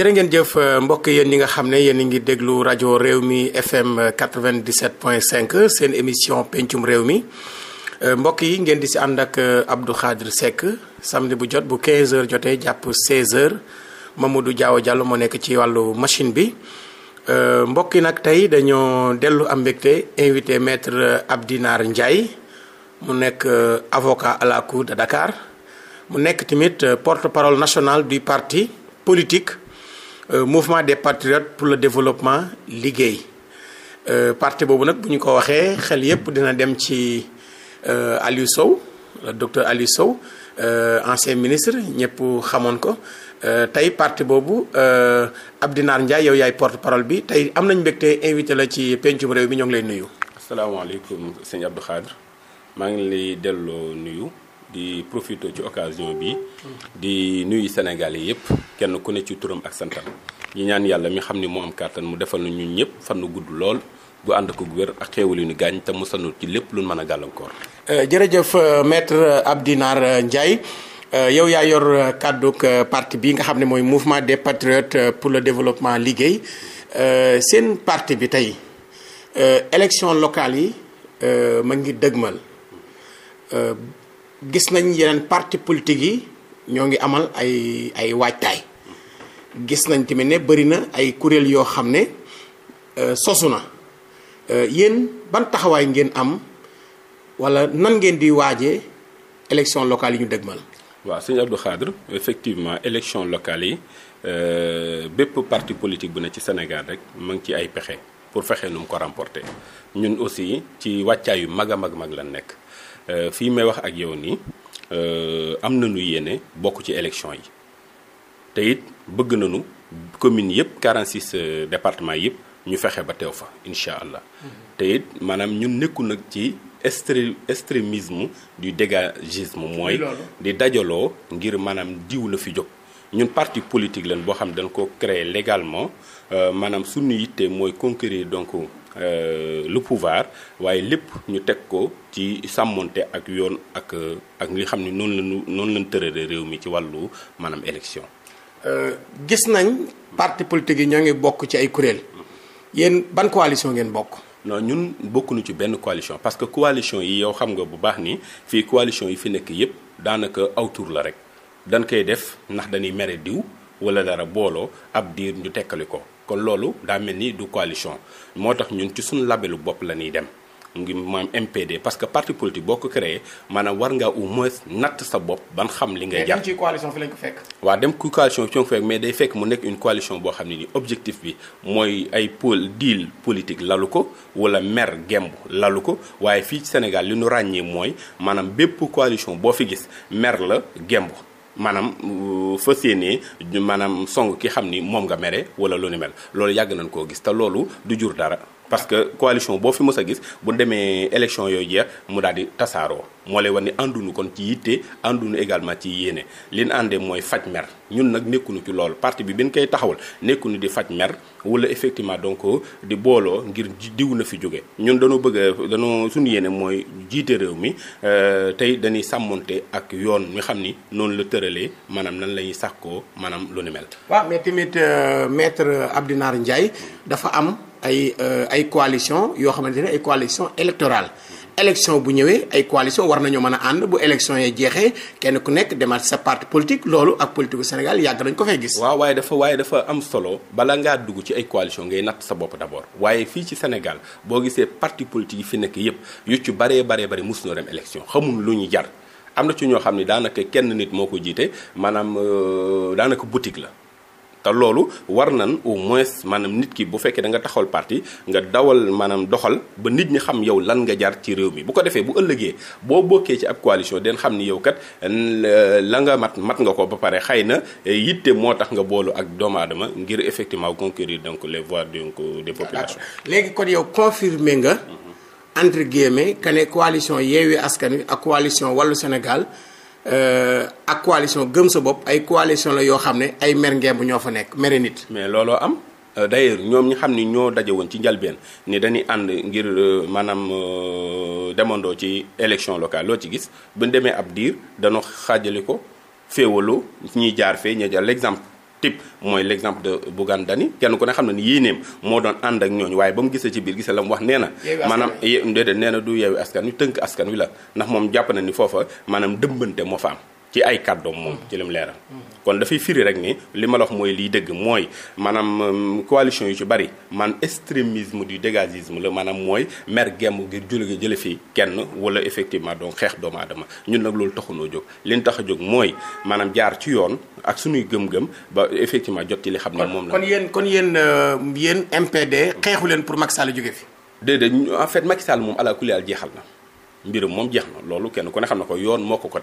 jërë ngeen jëf euh, mbokk yéen ñi nga xam ne yéen a ngi déglu rajo réew mi FM 97.5 seen émission pencum réew mi euh, mbokk yi ngeen di si ànd ak euh, Abdou Khadre Seck samedi bu jot bu 15h jotee jàpp 16h Mamadou Diaw jàll moo nekk ci wàllu machine bi mbokk yi nag tey dañoo dellu am mbégte invité maître Abdy Nar Ndiaye mu nekk avocat à la cour de Dakar mu nekk tamit porte-parole nationale du parti politique. Euh, mouvement des patriotes pour le développement liggéey euh, parti boobu nag bu ñu ko waxee xel yépp dina dem ci euh, Aliou Sow le docteur Aliou Sow ancien ministre ñëpp xamoon ko tey parti boobu Abdinar Ndiaye yow yaay porte parole bi tey am nañ mbégte invité la ci pencum réew bi ñoo ngi lay nuyu. asalaamaaleykum sëñ Abdou Khadre maa ngi lay delloo nuyu. di profité ci occasion bi di nuyu Sénégal yi yëpp kenn ku ne ci turam ak santa ñi ñaan yàlla mi xam ni moo am kàttan mu defal na ñun ñëpp fan nu gudd lool bu ànd ko wér ak xéewal yu ni gaañ te musanul ci lépp lu mën a gàllankoor. Euh, jërëjëf euh, maître euh, Abdinar Ndiaye yow yaa yor kàdduk parti bi nga xam ne mooy mouvement des patriotes pour le développement liggéey seen parti bi tey élection locale yi ma ngi dëgmal. gis nañ yeneen parti politique yi ñoo ngi amal ay ay waajtaay gis nañ timit ne bëri na ay kuréel yoo xam ne euh, sosu na euh, yéen ban taxawaay ngeen am wala nan ngeen di waaje élection locale yi ñu dëgmal. waa sëñ Abdou Khadre effectivement élection locale yi euh, bépp parti politique bu ne ci Sénégal rek mu ngi ci ay pexe pour fexe nu mu ko remporter ñun aussi ci wàccaay yu mag a mag mag lañ nekk. Euh, fii may wax ak yow nii euh, am nañu yéene bokk ci élection yi te it bëgg nu commune yëpp 46 euh, départements yëpp ñu fexe ba teew fa incha allah. Mm-hmm. te it maanaam ñun nekku nag ci extré extrémisme du dégagisme mooy. di dajaloo ngir maanaam diw la fi jóg. ñun parti politique lan boo xam dañ ko créer légalement maanaam suñu yitte mooy conquérir donc. Euh, lu pouvoir waaye lépp ñu teg ko ci sàmmoonte ak yoon ak euh, ak li xam ni noonu la noonu la ñu réew mi ci wàllu maanaam élection. Euh, gis nañ parti politique yi ñoo ngi bokk ci ay kuréel yéen ban coalition ngeen bokk. non ñun bokkuñu ci benn coalition parce que coalition yi yow xam nga bu baax ni fii coalition yi fi nekk yépp daanaka aw la rek dañ koy def ndax dañuy mere diw wala dara booloo ab diir ñu tekkali ko. kon loolu daa mel ni du coalition moo tax ñun ci suñu labelu bopp la ñuy dem ngi maam MPD parce que parti politique boo ko créé maanaam war nga au moins natt sa bopp ban xam li ngay jàpp ci coalition fi ko fekk waaw dem ku coalition fi lañ day fekk mu nekk une coalition boo ni objectif bi mooy ay pôle deal politique lalu ko wala mer gemb lalu ko waaye fii ci Sénégal li nu ràññee mooy maanaam bépp coalition boo fi gis mer la gemb maanaam euh, fas yéenee maanaam song ki xam ni moom nga mere wala lu ni mel loolu yàgg nañ koo gis te loolu du jur dara parce que coalition boo fi mës a gis bu demee élection yooyu jeex mu daal di tasaaroo moo lay wan ni àndunu kon ci yitte àndunu également ci yéene li ñu àndee mooy faj mer ñun nag nekkuñu ci lool parti bi benn ñu koy taxawal nekkuñu di faj mer wala effectivement donc di booloo ngir diw na fi jóge ñun dañoo bëgg dañoo suñu yéene mooy jiite réew mi euh, tey dañuy sàmmoonte ak yoon mi xam ni noonu la tëralee maanaam nan lañuy ñuy sàkkoo maanaam lu ni mel. waaw mais tamit euh, dafa am. ay euh, ay coalition yoo xamante ne ay coalition électorale élection bu ñëwee ay coalition war nañoo mën a ànd bu élection yi jeexee kenn ku nekk demaat sa parti politique loolu ak politique Sénégal yàgg nañ ko fee gis. waaw waaye dafa waaye dafa am solo bala ngaa dugg ci ay coalition ngay natt sa bopp d'abord waaye fii ci Sénégal boo gisee parti politique yi fi nekk yépp yu ci baree bare bari mosu ñoo dem élection xamul lu ñu jar am na ci ñoo xam ne daanaka kenn nit moo ko jiite maanaam euh, daanaka boutique la. te loolu war nan au moins maanaam nit ki bu fekkee da nga taxawal parti nga dawal maanaam doxal ba nit ñi xam yow lan nga jaar ci réew mi bu ko defee bu ëllëgee boo bokkee ci ab coalition den xam ni yow kat euh, la nga mat mat nga ko ba pare xëy na euh, yitte moo tax nga boolu ak doomu aadama ngir effectivement conquérir donc les voix donc des populations. léegi kon yow confirmé nga. Mhm. entre guillemets que ne coalition Yewwi Askan Wi ak coalition Wallu Sénégal. Euh, ak coalition gëm sa bopp ay coalition la yoo xam ne ay mer ngemb ñoo fa nekk mere nit. mais looloo am euh, d'ailleurs ñoom ñi xam ni ñoo daje woon ci njalbeen ni dañuy ànd ngir euh, maanaam demandoo ci élection locale loo ci gis bu ñu demee ab diir dañoo xaajale ko féewaloo ñiy jaar fee ña jaar l'exemple type mooy l' exemple de Bougane kenn ku ne xam na ni yéeneem moo doon ànd ak ñooñu waaye ba mu gisee ci biir gisee la mu wax nee na maanaam déedéet nee na du yeewu askan wi tënk askan wi la ndax moom jàpp na ni foofa maanaam dëmbante moo fa am ci ay kàddoom moom ci lim leeral. kon dafay firi rek nii li ma la wax mooy liy dëgg mooy maanaam um, coalition yu ci bari man extrémisme du dégagisme la maanaam mooy mer gemm ngir jullit jële fii kenn wala effectivement donc xeex doomu aadama ñun nag loolu taxunoo jóg li ñu tax a jóg mooy maanaam jaar ci yoon ak suñuy gëm-gëm ba effectivement jot ci li xam ne moom la. kon yéen kon yéen euh, yéen MPD xeexu leen pour Macky Sall jóge fi. déedéet en fait Macky moom ala jeexal na mbirum moom jeex na loolu kenn ku ne xam na ko yoon moo ko ko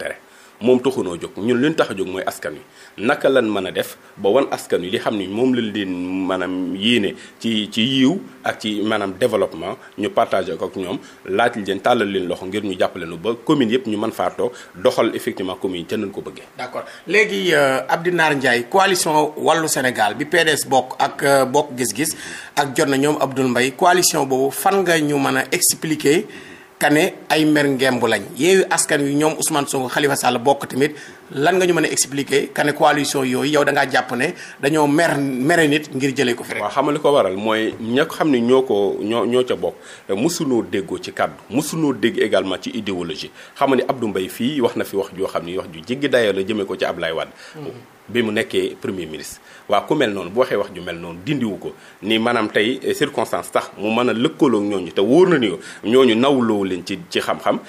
moom taxunoo jóg ñun li ñu tax a jóg mooy askan wi naka lan mën a def ba wan askan wi li xam ni moom lañ leen maanaam yéene ci ci yiw ak ci maanaam développement ñu partagé ko ak ñoom laaj leen tàllal leen loxo ngir ñu jàppale nu ba commune yëpp ñu man faa toog doxal effectivement commune yi ca nañ ko bëggee. d'accord léegi euh, Abdy Nar Ndiaye coalition wàllu Sénégal bi PDS bokk ak euh, bokk gis-gis ak jot na ñoom Abdoul mbay coalition boobu fan nga ñu mën a expliquer. kane ay mer ngemb lañ yeewi askan wi ñoom Ousmane Sonko Khalifa Sall bokk tamit lan nga ñu mën a expliquer kane coalition yooyu yow da ngaa jàpp ne dañoo mer mere nit ngir jëlee ko fi. waaw xam li ko waral mooy ña xam ne ñoo ko ñoo ñoo ca bokk mësuloo déggoo ci kàddu mosunoo dégg également ci idéologie xam ne du mbay fii wax na fi wax joo xam ni wax ju jéggi dayoo la jëmee ko ci Ablaye Wade. Mm-hmm. bi mu nekkee premier ministre. waa ku mel noonu bu waxee wax ju mel noonu dindiwu ko ni maanaam tey eh, circonstance sax mu mën a lëkkaloog ñooñu te wóor na ni ñooñu nawloowu leen ci ci xam-xam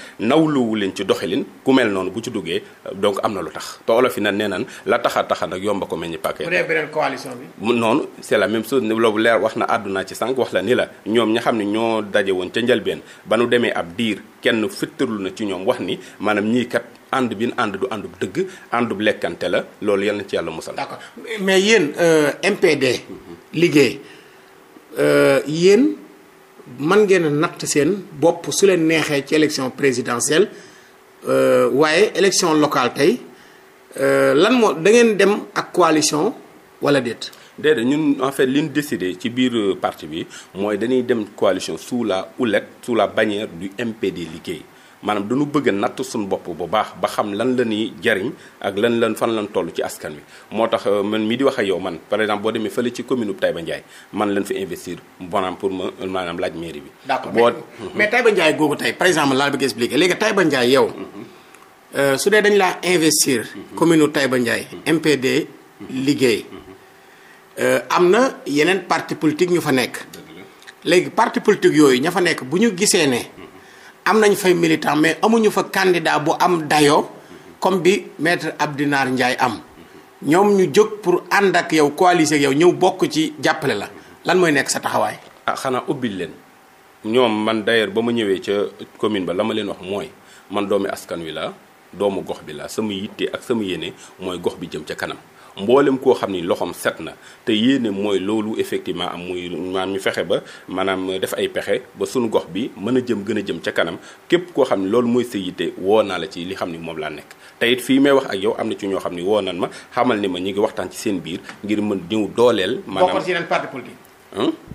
leen ci doxalin ku noonu bu ci duggee donc am na lu tax te olof yi nag nee nan la taxa taxa nag yomba ko mel ni paquet. bu dee beneen coalition bi. noonu c' est la même chose loolu leer wax na àdduna ci sànq wax la ni la ñoom ña xam ne ñoo daje woon ca njalbeen ba nu demee ab diir kenn fëttarlu na ci ñoom wax ni maanaam ñii kat. ànd bi ànd du àndub dëgg àndub lekkante la loolu yal na ci yàlla musal. d'accord mais yéen euh, MPD. liggéey euh, yéen man ngeen a natt seen bopp su leen neexee ci élection présidentielle euh, waaye élection local tey lan moo da ngeen dem ak coalition wala déet. déedéet ñun en fait li ñu décidé ci biir parti bi mooy dañuy dem coalition suula la houlette sous la bannière du MPD liggéey. maanaam dañu bëgg natt suñu bopp bu baax ba xam lan la ñuy jariñ ak lan lan fan lan toll ci askan wi moo tax euh, man mii di wax ak yow man par exemple boo demee fële ci commune bu Taïba Ndiaye man lañ fi investir bonaam pour ma maanaam laaj mairie bi. boo mhm. mais Taïba Ndiaye googu tey par exemple laa bëgg expliquer léegi Taïba Ndiaye yow. Mhm. Euh, su dee dañ laa investir. Mhm. commune bu Taïba Ndiaye. MPD liggéey. Euh, am na yeneen parti politique ñu fa nekk. léegi parti politique yooyu ña fa nekk bu ñu gisee ne. am nañ fay militant mais amuñu fa candidat bu am dayo comme bi maître Abdinar Ndiaye am ñoom ñu jóg pour ànd ak yow coaliser ak yow ñëw bokk ci jàppale la lan mooy nekk sa taxawaay. Ah, xanaa ubbil leen ñoom man d'ailleurs ba ma ñëwee ca commune ba la ma leen wax mooy man doomi askan wi la doomu gox bi la sama yitte ak sama yéene mooy gox bi jëm ca kanam. mboolem koo xam ni loxoom set na te yéene mooy loolu effectivement am muy maanaam ñu fexe ba maanaam def ay pexe ba sunu gox bi mën a jëm gën a jëm ca kanam képp koo xam ni loolu mooy sa yitte naa la ci li xam ni moom laa nekk te it fii may wax ak yow am na ci ñoo xam ni woo nan ma xamal ni ma ñu ngi waxtaan ci seen biir ngir mën ñëw dooleel maanaam bokkoon ci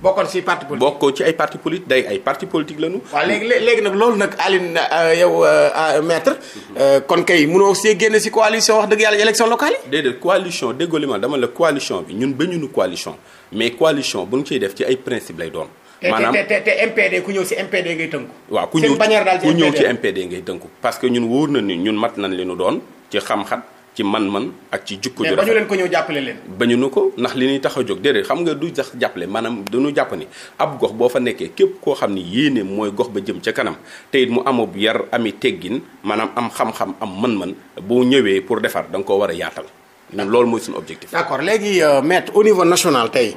bokkoon si parti politique bokkoo ci ay parti politique day ay parti politique lañu. waaw léegi léegi nag loolu nag Aline euh, yow euh, euh, maître. Mhm. kon kay mënoo see génn si coalition wax dëgg yàlla élection locale yi. déedéet coalition déggoo li ma dama la coalition bi ñun ba ñunu coalition mais coalition bu ñu ciy def ci ay principe lay doon. maanaam te te te MPD ku ñëw ci MPD ngay tënku. waaw ku ñëw ku ñëw ci MPD ngay tënku. parce que ñun wóor na ni ñun mat nañ li ñu doon ci xam-xam ci man-man ak ci jukko ju rafet mais leen ko ñëw jàppale leen. bañu nu ko ndax li ñuy tax a jóg déedéet xam nga du jax jàppale maanaam dañu jàpp ni ab gox boo fa nekkee képp koo xam ni yéene mooy gox ba jëm ca kanam tey it mu amob yar ami teggin maanaam am xam-xam am man man boo ñëwee pour defar da nga koo war a yaatal ñun loolu mooy suñu objectif. d'accord léegi euh, maître au niveau national tey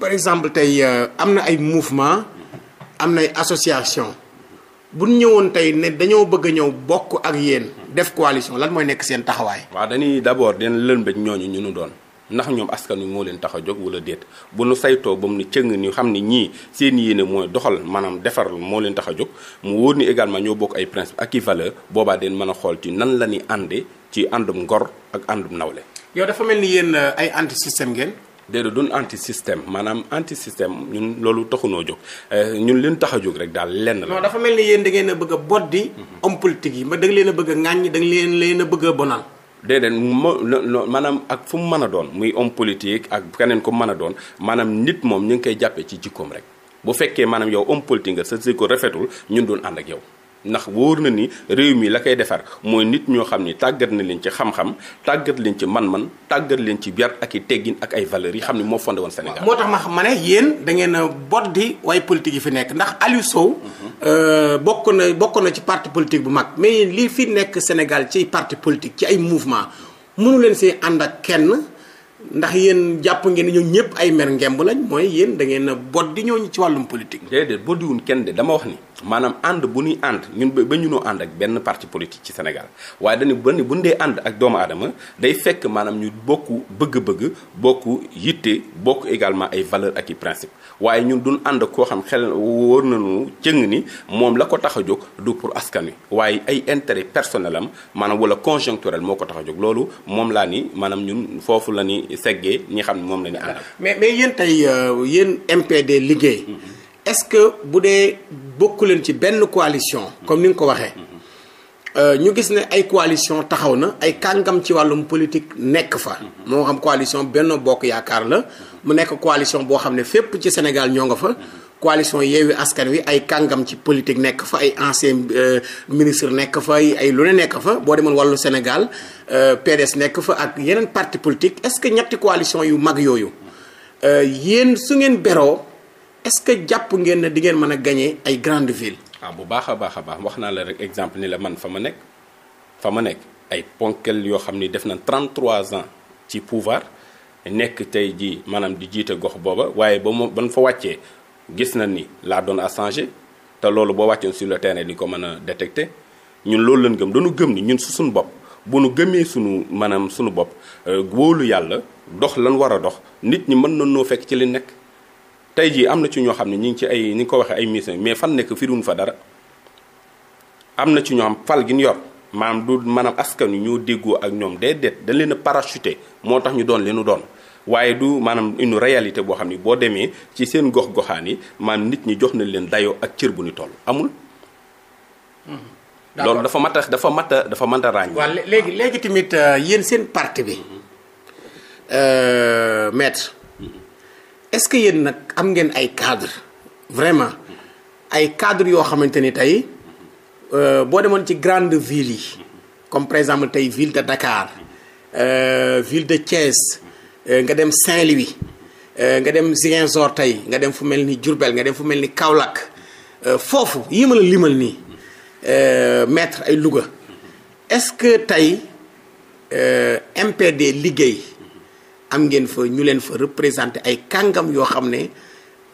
par exemple tey euh, am na ay mouvement am na ay association bu ñëwoon tey ne dañoo bëgg a ñëw bokk ak yéen. def coalition lan mooy nekk seen taxawaay. waaw dañuy d' abord dina lënbëj ñooñu ñu nu doon ndax ñoom askan wi moo leen tax a jóg wala déet bu nu saytoo ba mu ne cëng ñu xam ne ñii seen yéene mooy doxal maanaam defar moo leen tax a jóg mu wóor ni également ñoo bokk ay principe ak i boobaa den mën a xool ci nan la ñuy àndee ci àndum ngor ak àndum nawle. yow dafa mel ni yéen ay anti système ngeen. déedéet duñ anti système maanaam anti système ñun loolu taxunoo jóg eh, ñun leen tax a jóg rek daal lenn la. non dafa mel ni yéen da ngeen a bëgg a boddi. homme politique yi ma da leen a bëgg a ŋàññi da leen leen a bëgg a bonal. déedéet mo maanaam ak fu mu mën a doon muy homme politique ak keneen ku mën a doon maanaam nit moom ñu ngi koy jàppee ci jikkoom rek bu fekkee maanaam yow homme politique nga sa ko rafetul ñun duñ ànd ak yow. ndax wóor na ni réew mi la koy defar mooy nit ñoo xam ni tàggat na leen ci xam-xam tàggat leen ci man-man tàggat leen ci biar ak i teggin ak ay valeurs yi xam ne moo fondé woon Sénégal. moo tax ma xam ma ne yéen da ngeen a bot di way politique yi fi nekk ndax Aliou Sow. Euh, bokk na bokk na ci parti politique bu mag mais lii fi nekk Sénégal ci parti politique ci ay mouvement mënu leen see ànd ak kenn. ndax yéen jàpp ngeen ne ñoom ñëpp ay mer ngemb lañ mooy yéen da ngeen a boddi ñooñu ci wàllum politique. déedéet boddiwuñ kenn de dama wax ni maanaam ànd bu ñuy ànd ñun ba ñu ànd ak benn parti politique ci Sénégal waaye dañu ba ni bu ñu dee ànd ak doomu aadama day fekk maanaam ñu bokk bëgg-bëgg bokk yitte bokk également ay valeur ak i principe waaye ñun du ànd koo xam xel na nañu jëng ni moom la ko tax a jóg du pour askan wi waaye ay intérêt personnel am maanaam wala conjoncturel moo ko tax a jóg loolu moom laa ni maanaam ñun foofu la ni seggee ñi xam ne moom la ñu àndal. mais mais yéen tey euh, yéen MPD liggéey. Mm-hmm. est-ce que bu dee bokk leen ci benn coalition. comme ni nga ko waxee. Mm-hmm. Euh, ñu gis ne ay coalition taxaw na ay kàngam ci wàllum politique nekk fa. moo xam coalition benn Bokk Yaakaar la mu nekk coalition boo xam ne fépp ci Sénégal ñoo nga fa. coalition Yewwi Askan Wi ay kàngam ci politique nekk fa ay ancien euh, ministre nekk fa ay lu ne nekk fa boo demoon wàllu Sénégal euh, PDS nekk fa ak yeneen parti politique est-ce que ñetti coalition yu mag yooyu yéen su ngeen beroo est-ce que jàpp ngeen ne di ngeen mën a gagner ay grandes villes. ah bu baax a baax a baax wax naa la rek exemple ni la man fa ma nekk fa ma nekk ay ponkel yoo xam ni def na 33 ans ci pouvoir nekk tey jii maanaam di jiite gox booba waaye ba mu ban fa wàccee gis na ni laa doon a changé te loolu boo wàccoon sur le terrain di ko mën a détecté ñun loolu lañ gëm dañu gëm ni ñun su suñu bopp bu nu gëmee sunu maanaam sunu bopp euh, wóolu yàlla dox lan war a dox nit ñi mën na noo fekk ci li nekk tey jii am na ci ñoo xam ne ñu ngi ci ay ni ko waxee ay mission mais fan nekk firiwuñ fa dara am na ci ñoo xam fal gi ñu yor maanaam du maanaam askan wi ñoo déggoo ak ñoom déedéet dañ leen a parachuté moo tax ñu doon leenu doon waaye du maanaam indi réalité boo xam ne boo demee ci seen gox-goxaan yi maanaam nit ñi jox nañ leen dayoo ak cër bu ñu toll amul. loolu dafa mat a dafa mat dafa mën a ràññee. waaw léegi léegi tamit euh, yéen seen parti bi mhm. euh, maître. est-ce que yéen nag am ngeen ay cadre vraiment ay cadre yoo xamante ni tey euh, boo demoon ci grande ville yi comme par exemple tey ville de Dakar euh, ville de Thiès euh, nga dem Saint-Louis euh, nga dem Ziguinchor tey nga dem fu mel ni Diourbel nga dem fu mel ni Kaolack foofu yii ma la limal nii maître ay Louga est-ce que tey MPD liggéey am ngeen fa ñu leen fa représenté ay kàngam yoo xam ne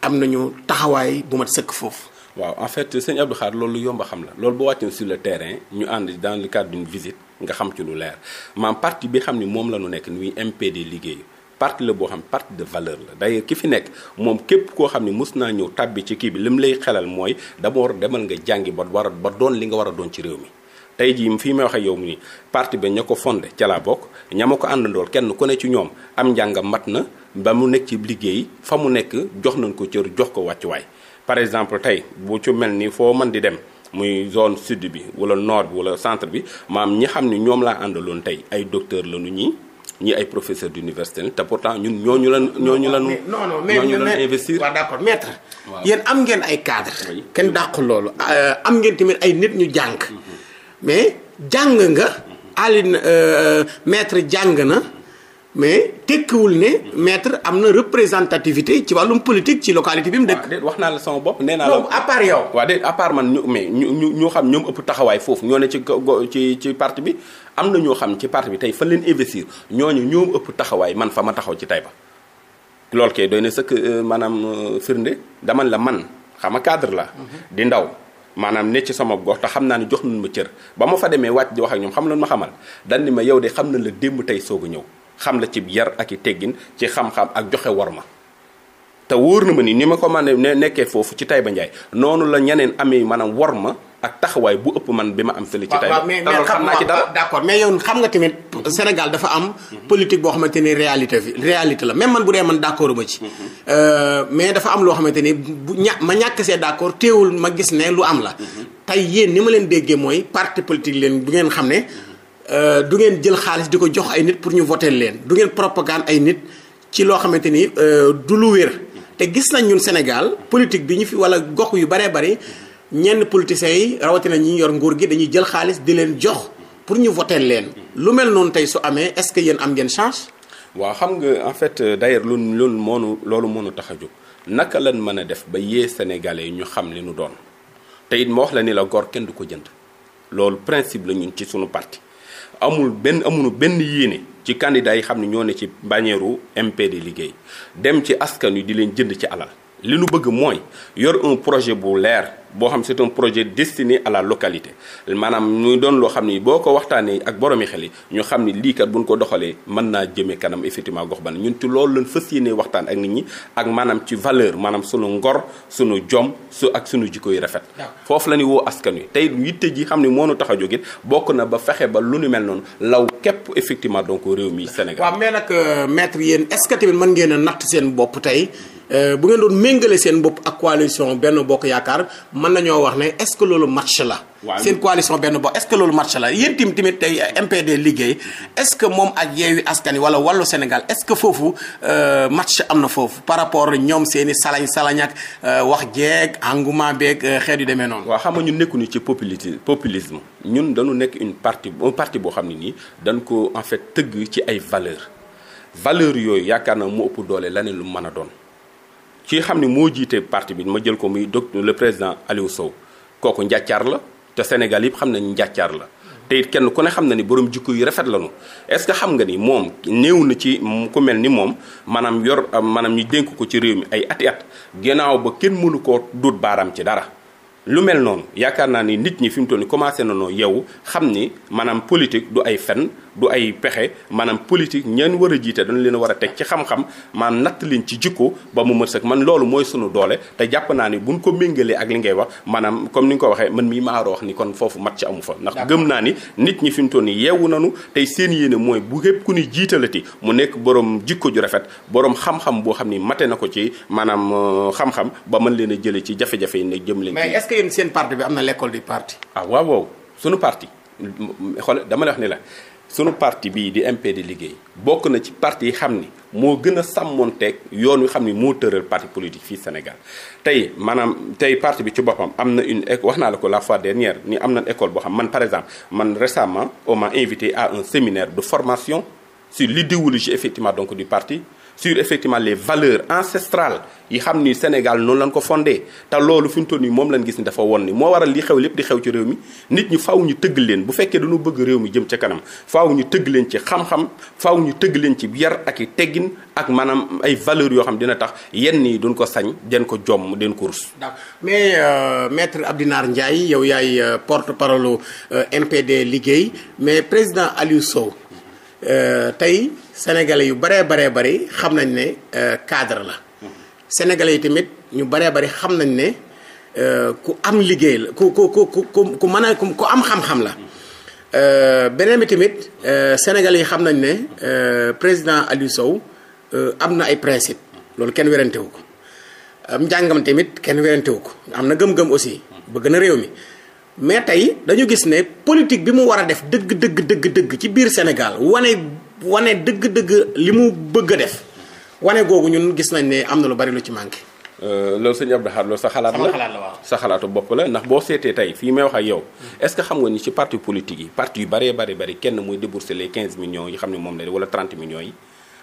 am nañu taxawaay bu ma sëkk foofu. waaw en fait sëñ Abdou Khadre loolu yomb a xam la loolu boo wàccee sur le terrain ñu ànd dans le cadre d'une visite nga xam ci lu leer maam parti bi xam ni moom la ñu nekk ñuy MPD liggéey parti la boo xam parti de valeur la d'ailleurs ki fi nekk moom képp koo xam ne mës naa ñëw tàbbi ci kii bi li mu lay xelal mooy d'abord demal nga jàngi ba war a ba doon li nga war a doon ci réew mi. tey jii fii may wax ak yow nii parti ba ña ko fondé ca laa bokk ña ma ko àndandool kenn ku ne ci ñoom am njàngam mat na ba mu nekk ci liggéey fa mu nekk jox nañ ko cër jox ko wàccuwaay par exemple tey bu ci mel ni foo man di dem. muy zone sud bi wala nord bi wala centre bi maam ñi xam ni ñoom laa àndaloon tey ay docteur la ñi ñii ñi ay professeur d'université te pourtant ñun ñooñu lan ñooñu lan non non mais ñooñu lan investir waaw d'accord maître yéen am ngeen ay cadre kenn dàqul loolu euh, am ngeen tamit ay nit ñu jàng mm-hmm. mais jàng nga Aline euh, maître jàng na mais tekkiwul ne maître am na représentativité ci wàllum politique ci localité bi mu dëkk. déet wax naa la sama bopp nee naa la. à part yow. waaw déet à man ñu mais ñu ñu ñoo xam ñoom ëpp taxawaay foofu ñoo ne ci ci ci parti bi am na ñoo xam ci parti bi tey fan leen investir ñooñu ñoom ëpp taxawaay man fa ma taxaw ci Taïba. loolu kay doy na sëkk euh, maanaam euh, firnde dama la man xam nga cadre la. di ndaw. maanaam ne ci sama gox te xam naa ne jox nañ ma cër ba ma fa demee wàcc di wax ak ñoom xam lan ma xamal dan ni ma yow de xam na la démb tey soog a ñëw xam la ci yar ak i teggin ci xam-xam ak joxe war ma te wóor na ma ni ni ma ko man ne nekkee foofu ci Taïba Ndiaye noonu la ñeneen amee maanaam war ma ak taxawaay bu ëpp man bi ma am fële ci Taïba te xam naa ci dara d'accord mais yow xam nga tamit Sénégal dafa am politique boo xamante ni réalité fi réalité la même man bu dee man d'accord ma ci mhm. euh, mais dafa am loo xamante ni bu ña ma ñàkk see d'accord teewul ma gis ne lu am la mhm. tey yéen ni ma leen déggee mooy parti politique leen du ngeen xam ne euh, du ngeen jël xaalis di ko jox ay nit pour ñu voter leen du ngeen propagande ay nit ci loo xamante ni euh, du lu wér te gis nañ ñun Sénégal politique bi ñu fi wala gox yu baree bari ñenn politiciens yi rawatina ñi yor nguur gi dañuy jël xaalis di leen jox pour ñu voter leen. lu mel noonu tey su amee est-ce que yéen am ngeen chance. waaw xam nga en fait euh, d'ailleurs lu loolu moonu loolu moonu tax a jóg naka lan mën a def ba yée sénégalais yi ñu xam li nu doon te it ma wax la ni la gor kenn du ko jënd loolu principe la ci suñu parti amul benn amulu benn yéene. ci candidat yi xam ne ñoo ne ci bañeeru u MPD liggéey dem ci askan wi di leen jënd ci alal li nu bëgg mooy yor un projet bu leer boo xam c'est un projet destiné à la localité maanaam muy doon loo xam ni boo ko waxtaanee ak boromi xel yi ñu xam ni lii kat buñ ko doxalee mën naa jëmee kanam effectiment gox ba ñun ci loolu lañ fas yéenee waxtaan ak nit ñi ak maanaam ci valeur maanaam sunu ngor sunu jom su ak sunu jikko yu rafet. foofu la ñu woo askan wi tey yitte ji xam ni moo nu tax a jógit bokk na ba fexe ba lu nu mel noonu law képp effectivement donc réew mi Sénégal. waaw mais nag euh, maître yéen est-ce que tamit mën ngeen a natt seen bopp tey. Euh, bu ngeen doon méngale seen bopp ak coalition benn bokk yaakaar man nañoo wax ne est-ce que loolu match la. seen coalition benn bokk est-ce que loolu match la yéen tim tey euh, MPD liggéey est-ce que moom ak Yewwi Askan Wi wala Wallu Sénégal est-ce que foofu euh, match am na foofu par rapport ñoom seen i salañ salañ ak wax jeeg engouement beeg xeet yu demee noonu. waa xam nga ñun nekkuñu ci populisme populisme ñun dañu nekk une partie un parti boo xam ne nii dañ ko en fait tëgg ci ay valeurs valeurs yooyu yaakaar naa mu ëpp doole leneen lu mën a doon. ci xam ne moo jiite parti bi ma jël ko muy docteur le président Aliou Sow kooku njàccaar la te Sénégal yëpp xam nañ njàccaar la te kenn ku ne xam na ni borom jikko yu rafet lañu est ce que xam nga ni moom néew na ci ku mel ni moom maanaam yor maanaam ñu dénk ko ci réew mi ay ati at gannaaw ba kenn mënu koo dut baaraam ci dara lu mel noonu yaakaar naa ni nit ñi fi mu toll nii commencé noo yow xam ni maanaam politique du ay fen du ay pexe maanaam politique ñeen war a jiite dañu leen war a teg ci xam-xam maanaam natt leen ci jikko ba mu mën sëkk man loolu mooy sunu doole te jàpp naa ni buñ ko méngalee ak li ngay wax maanaam comme ni nga ko waxee man mii maaro wax ni kon foofu mat ci amu fa ndax gëm naa ni nit ñi fi mu toll nii yeewu nanu tey seen yéene mooy bu képp ku ni jiitalati mu nekk borom jikko ju rafet borom xam-xam boo xam ni mate na ko ci maanaam euh, xam-xam ba mën leen a jële ci jafe-jafe yi ne jëm leen yéen seen parti bi am na l'école du parti. ah waaw waaw sunu parti xool dama la wax ni la sunu parti bii di MP di liggéey bokk na ci parti yi xam ni moo gën a sàmmonteeg yoon wi xam ni moo tëral parti politique fii Sénégal tey maanaam tey parti bi ci boppam am na une wax naa la ko la fois dernière ni am na école boo xam man par exemple man récemment on m'a invité à un séminaire de formation sur l'idéologie effectivement donc du parti. sur effectivement les valeurs ancestrales yi xam ni Sénégal noonu lañ ko fonde te loolu fi mu toll nii moom lañ gis ni dafa won ni moo waral li xew lépp di xew ci réew mi nit ñi faw ñu tëgg leen bu fekkee dañu bëgg réew mi jëm ca kanam faw ñu tëgg leen ci xam-xam faaw ñu tëgg leen ci yar ak i teggin ak maanaam ay valeurs yoo xam dina tax yenn yi duñ ko sañ den ko jomm den ko rus. mais euh, maître Abdinar Ndiaye yow yaay euh, porte-parole euh, MPD liggéey mais président Aliou Sow euh, sénégalais yu baree baree bari xam nañ ne euh, cadre la sénégalais yi tamit ñu baree bari xam nañ ne euh, ku am liggéey la ku ku ku ku ku mën a ku am xam-xam la euh, beneen bi tamit sénégalais yi xam nañ ne président Aliou Sow am na ay principe loolu kenn werante ko am njàngam tamit kenn werante wu ko am na gëm-gëm aussi bëgg na réew mi mais tey dañu gis ne politique bi mu war a def dëgg dëgg dëgg dëgg ci biir Sénégal wane wane dëgg-dëgg li mu bëgg a def wane googu ñun gis nañ ne am na lu bari lu ci manqué. Euh, loolu sëñ Abdou Khadre loolu sa xalaat la sa xalaatu bopp la ndax boo seetee tey fii may wax ak yow est-ce que xam nga ni ci parti politique yi parti yu bëree bëri bëri kenn mooy débourser les 15 millions yi xam ne moom la wala 30 millions yi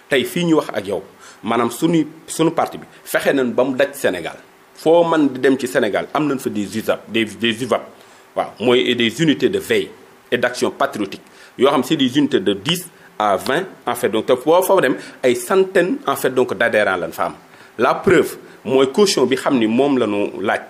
tey fii ñu wax ak yow maanaam suñuy suñu parti bi fexe nañ ba mu daj Sénégal foo man di dem ci Sénégal am nañ fa des USAP des des UVAP waaw mooy des unités de veille et d'action patriotique yoo xam c'est des unités de 10 à 20 en fait donc te boo fa dem ay centaines en fait donc d' adhérents lan fa am la preuve mooy caution bi xam ni moom la ñu laaj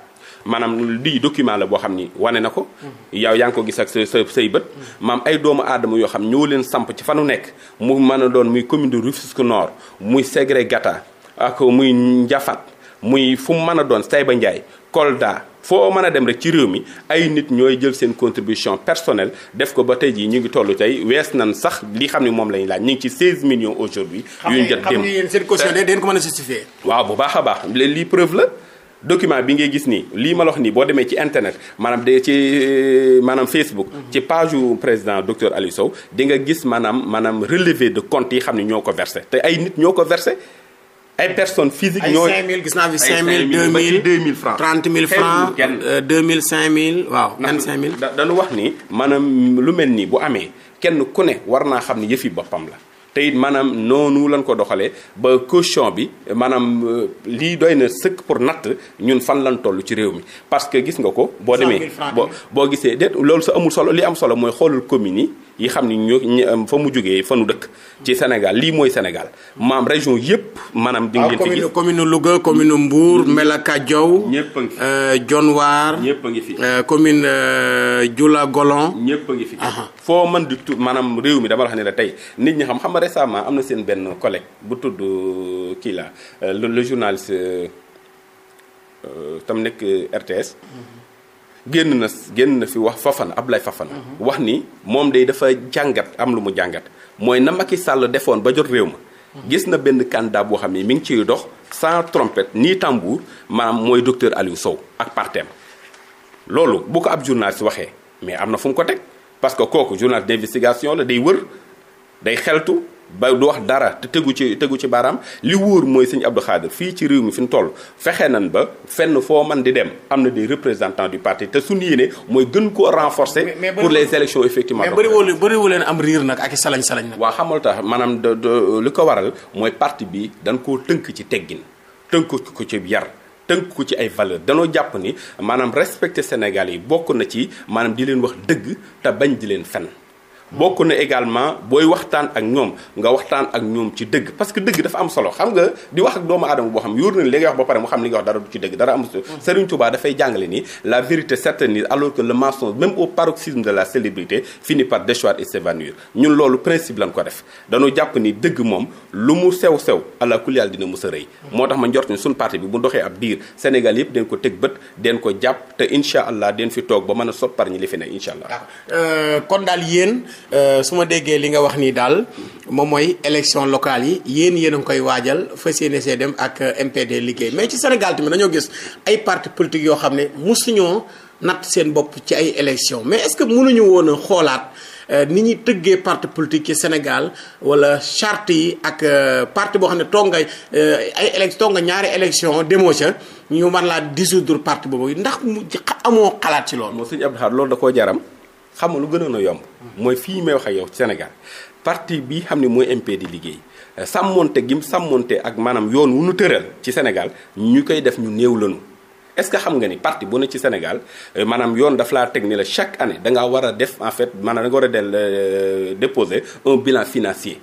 maanaam lii document la boo xam ni wane na ko. Mm-hmm. yow yaa ngi ko gis ak sa say bët. Mm-hmm. maam ay doomu aadama yoo xam ñoo leen samp ci fanu nekk mu mën a doon muy commune de Rufisque Nord muy Ségré Gata ako muy Njafat muy fu mu mën a doon ba Ndiaye Kolda foo mën a dem rek ci réew mi ay nit ñooy jël seen contribution personnel def ko ba tey jii ñu ngi toll tey wees nan sax li xam ne moom lañu laaj ñu ngi ci 16 million aujourd'hui yu ñu jot dem xam nga yéen seen caution dañ ko mën a justifier waaw bu baax a baax lii preuve la document bi ngay gis nii lii ma la wax nii boo demee ci internet maanaam de ci euh, maanaam Facebook. Mhm. ci page yu président docteur Aliou Sow di nga gis maanaam maanaam relevé de compte yi xam ne ñoo ko versé te ay nit ñoo ko versé. ay personne physiques. ñooy ay 5000 gis naa fi 5000 2000 2000 francs 30 000 francs 2000 5000 euh, waaw 25000. da dañu wax ni maanaam lu mel nii bu amee kenn ku ne war naa xam ni yëfi boppam la. te it maanaam noonu lan ko doxalee ba caution bi maanaam euh, lii doy na sëkk pour natt ñun fan lan toll ci réew mi parce que gis nga ko. boo demee boo boo gisee déet loolu sa amul solo li am solo mooy xoolul commune yi. yi xam ni ñoo euh, fa mu jógee fa dëkk ci Sénégal lii mooy Sénégal maam région yëpp maanaam di ngeen fi gis commune Louga commune Mbour ñëpp a ngi fi ñëpp a ngi commune euh, Dioula Golon ñëpp a ngi fi euh, foo man di tudd maanaam réew mi dama la xam la tey nit ñi xam xam nga récemment am na seen benn collègue bu tudd kii la le journaliste tam nekk RTS mhm. génn na génn na fi wax Fafana Ablaye Fafana. Mhm. wax ni moom de dafa jàngat am lu mu jàngat mooy na Macky Sall defoon ba jot réew ma. Mhm. gis na benn candidat boo xam ne mi ngi ciy dox sans trompette ni tambour maam mooy docteur Aliou Sow ak partem loolu bu ko ab si waxee mais am na fu mu ko teg parce que kooku journaliste d'investigation la day wër day xeltu. ba du wax dara te tegu ci tegu ci baaraam li wóor mooy sëñ Abdou Khadir fii ci réew mi fi ñu toll fexe nan ba fenn foo man di dem am na des représentant du parti te suñu yéene mooy gën koo renforcer. pour les élections effectivement. mais bëriwul bëriwul leen am riir nag ak i salañ salañ nag. waaw xamal tax maanaam li ko waral mooy parti bi dañ koo tënk ci teggin tënk ko ci yar. tënk ko ci ay valeur danoo jàpp ni maanaam respecter Sénégal yi bokk na ci maanaam di leen wax dëgg te bañ di leen fen bokk na également booy waxtaan ak ñoom nga waxtaan ak ñoom ci dëgg parce que dëgg dafa am solo xam nga di wax ak doomu aadama boo xam yóor na li ngay wax ba pare mu xam li nga wax dara du ci dëgg dara am Serigne Touba dafay jàngale ni la vérité s'éternise alors que le mensonge même au la célébrité finit par déchoir et s'évanouir ñun loolu principe lañ ko def dañu jàpp ni dëgg moom lu mu sew sew àla kuliyal dina mës a rëy moo tax ma njort ni suñu parti bi bu doxee ab diir Sénégal yëpp den ko teg bët den ko jàpp te incha allah den fi toog ba mën a soppar ñi li fi ne allah euh, kon Euh, su ma déggee li nga wax nii daal moom mooy élection locale yi yéen yéen a ngi koy waajal fas yéene see dem ak euh, MPD liggéey mais ci Sénégal tamit dañoo gis ay parti politique yoo xam ne mosuñoo nat seen bopp ci ay élection mais est-ce que ñu woon a xoolaat euh, ni ñuy tëggee parti politique ci Sénégal wala charte yi ak parti boo xam ne toog nga ay élect toog nga ñaari élection demoo ca ñu mën laa dissoudre parti boobu ndax mu amoo xalaat ci loolu. moo sëñ Abdou Khadre loolu da koo jaram. xam nga lu gënoon a yomb. mooy fii may wax ak yow Sénégal parti bi xam ne mooy MP di liggéey sàmmonte gim sàmmoonte ak maanaam yoon wu nu tëral ci Sénégal ñu koy def ñu néew lañu est-ce que xam nga ni parti bu ne ci Sénégal euh, maanaam yoon daf laa teg ni la chaque année da ngaa war a def en fait maanaam da war a del euh, déposer un bilan financier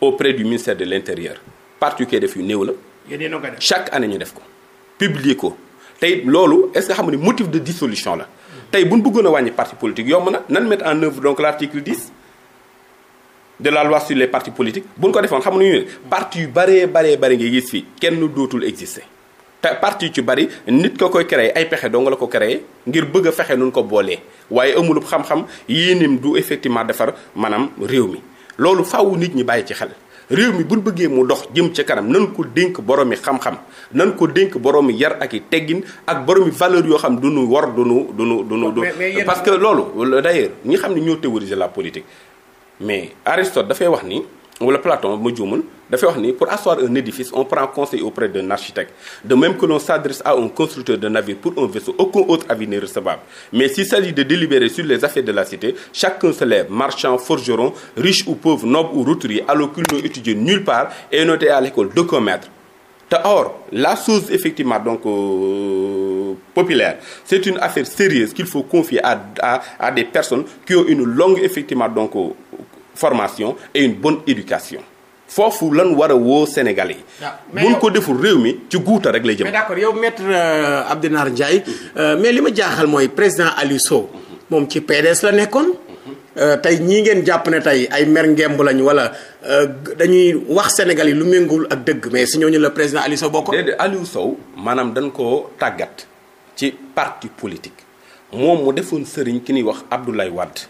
auprès du ministère de l'intérieur parti yu koy def yu néew la. chaque année ñu def ko publier ko te loolu est-ce que xam ni motif de dissolution la. tey bu ñu bëggoon wàññi parti politique yomb na nan mettre en œuvre donc l' article 10 de la loi sur les partis bu ñu ko defoon xam nañu ne parti yu bëree bëree bëri nga gis fii kenn dootul exister te parti yu ci bëri nit ko koy créer ay pexe dong la ko créer ngir bëgg a fexe nun ko boolee waaye amulub xam-xam yéenim du effectivement defar maanaam réew mi loolu faaw nit ñi bàyyi ci xel réew mi buñ bëggee mu dox jëm ca kanam nan ko dénk boromi xam-xam nan ko dénk boromi yar ak i teggin ak boromi valeur yoo xam du nu war du nu du nu du nu parce que loolu d'ailleurs ñi xam ne ñoo théoriser la politique mais Aristote dafay wax nii wala Platon ma juumul dafay wax ni pour asseoir un édifice on prend conseil auprès d'un architecte de même que l'on s'adresse à un constructeur de navire pour un vaisseau aucun autre avis n'est recevable mais s'il s'agit de délibérer sur les affaires de la cité chacun se marchand forgeron riche ou pauvre noble ou roturier alors qu'ils n'ont étudié nulle part et noté à l'école d'aucun maître te or la chose effectivement donc euh, populaire c'est une affaire sérieuse qu'il faut confier à, à personnes qui ont une longue effectivement euh, formation et une bonne foofu lan war a woo sénégal yi. waaw ah, buñ ko deful réew mi ci guuta rek lay jëm. mais d'accord yow maître euh, Abdinaar Ndiaye mhm. euh, mais li ma jaaxal mooy président Aliou Sow mhm. moom ci PDS la nekkoon. Mhm. Euh, tey ñii ngeen jàpp ne tey ay mer ngemb lañu wala dañuy wax Sénégal yi lu méngul ak dëgg mais si ñu la président Aliou Sow bokk. déedéet Aliou Sow maanaam dañ koo tàggat ci parti politique moom mu defoon sëriñ ki ñuy wax Abdoulaye Wade.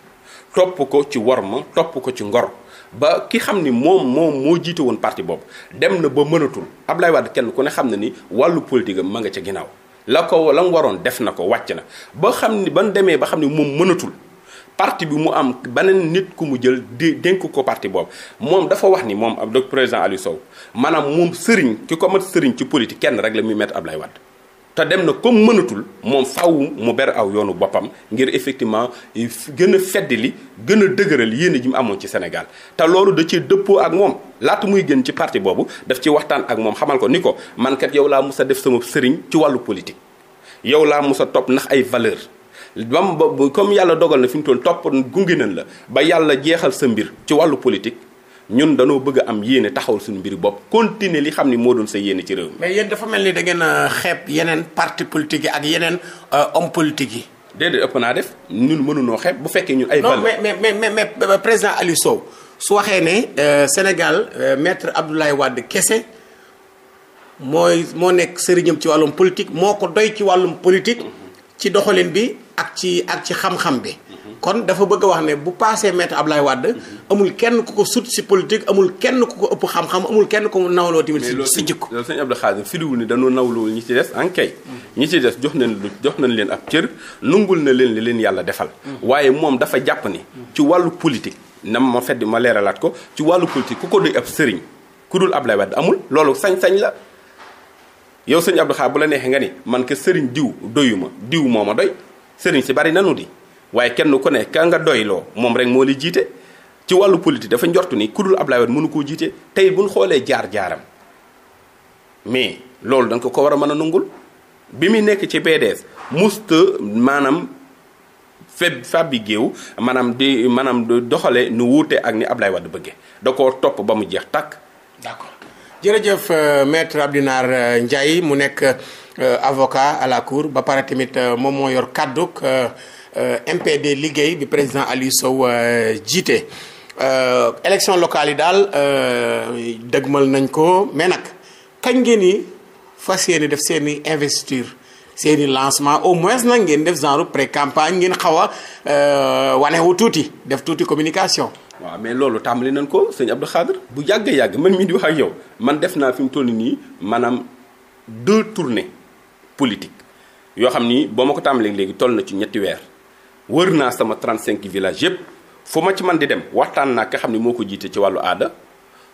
topp ko ci worma topp ko ci ngor ba ki xam ni moom moom moo jiite woon parti boobu dem na ba mënatul ab lay Wade kenn ku ne xam na ni wàllu politique am ma nga ca ginnaaw la ko la mu waroon def na ko wàcc na ba xam ni ban demee ba xam ni moom mënatul parti bi mu am beneen nit ku mu jël di dénk ko parti boobu moom dafa wax ni moom ab président ali Sow maanaam moom sëriñ ki ko mat sëriñ ci politique kenn rek la muy mettre lay Wade te dem na comme mënatul moom faaw mu ber aw yoonu boppam ngir effectivement gën a fedd li gën a dëgëral yéene ji mu amoon ci Sénégal te loolu da ci dëppoo ak moom laata muy gën ci parti boobu daf ci waxtaan ak moom xamal ko ni ko man kat yow laa mus a def sama sëriñ ci wàllu politique yow laa mus a topp ndax ay valeur bam ba comme yàlla dogal na fi mu toll topp gunge nañ la ba yàlla jeexal sa mbir ci wàllu politique ñun dañoo bëgg a am yéene taxawal suñu mbiri bopp continuer li xam ni moo doon sa yéene ci réew mi. mais yéen dafa mel ni da ngeen yeneen parti politique yi ak yeneen euh, om politique yi. déedéet ëpp naa def ñun mënunoo xeeb bu fekkee ñun. ay valeur non mais mais mais mais euh, président Aliou soow su waxee ne euh, Sénégal maître Abdoulaye Wade kese mooy moo nekk sëriñam ci wàllum politique moo ko doy ci wàllum politique. ci doxalin bi ak ci ak ci xam-xam bi. kon dafa bëgg wax ne bu paasee maître Ablaye Wade amul kenn ku ko sut si politique amul kenn ku ko ëpp xam-xam amul kenn ku mu nawloo tamit si si jikko loolu sëñ Abdou Khadim firiwul ni dañoo nawlowul ñi ci des ankay ñi ci des jox nañ jox nañ leen ab cër nungul na leen li leen yàlla defal waaye moom dafa jàpp ni ci wàllu politique nam ma fedd ma leeralaat ko ci wàllu politique ku ko duy ab sëriñ ku dul Ablaye Wade amul loolu sañ-sañ la yow sëñ Abdou bu la neexee nga ni man ke sëriñ doyu ma diw moo ma doy sëriñ si bari nanu di waaye kenn ko ne ka doyloo moom rek moo li jiite ci wàllu politique dafa njortu ni ku dul Ablaye Wade mënu koo jiite tey bu ñu xoolee jaar-jaaram mais loolu da nga ko ko war a mën a nungul bi mu nekk ci PDS musta maanaam feb fabbi géew maanaam di maanaam doxale nu wuute ak ni Ablaye Wade bëgge da koo topp ba mu jeex tàkk d'accord jërëjëf euh, maître Abdinar Ndiaye mu nekk euh, avocat à ba pare tamit euh, moom moo yor kàdduk Euh, MPD liggéey bi président Aliou Sow euh, jiite. Euh, élection locale yi daal dëgmal nañ ko mais nag kañ ngeen ni fas yéene def seen i investiture seen i lancement au moins nag ngeen def genre pré campagne ngeen xaw a wu tuuti def tuuti communication. waaw mais loolu tàmbali nañ ko sëñ Abdou Khadre bu yàggee yàgg man mii di wax ak yow man def naa fi mu toll nii maanaam deux tournées politiques yoo xam ni boo ma ko tàmbalee léegi toll na ci ñetti weer. wër naa sama cinq villages yëpp fu ma ci man di dem waxtaan naa ki xam ne moo ko jiite ci wàllu aada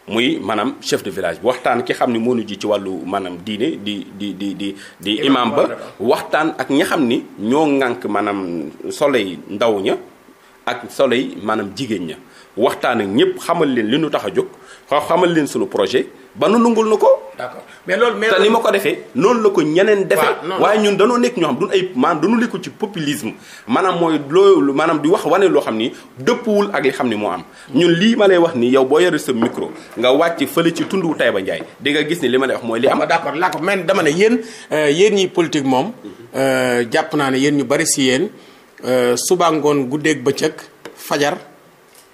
muy maanaam chef de village waxtaan ki xam ne moo nu ji ci wàllu maanaam diine di di di di di imam ba waxtaan ak ña xam ni ñoo ŋànk maanaam soleil ndaw ña ak soleil maanaam jigéen ña waxtaan ak ñëpp xamal leen li ñu tax a jóg xamal leen sunu projet ba nu nungul nu ko. d'accord mais loolu mais te ni ma ko defee loolu la ko ñeneen defee waaye ñun danoo nekk ñoo xam duñu ay maanaam duñu nekku ci populisme maanaam mooy loolu maanaam di wax wane loo xam ni dëppwul ak li xam ni moo am ñun lii ma lay wax ni yow boo yore sa micro nga wàcc fële ci tundu Taïba Ndiaye di nga gis ni li ma lay wax mooy li am d'accord laa ko mais dama ne yéen euh, yéen ñi politique moom euh, jàpp naa ne yéen ñu bari si yéen euh, suba ngoon guddeeg bëccëg fajar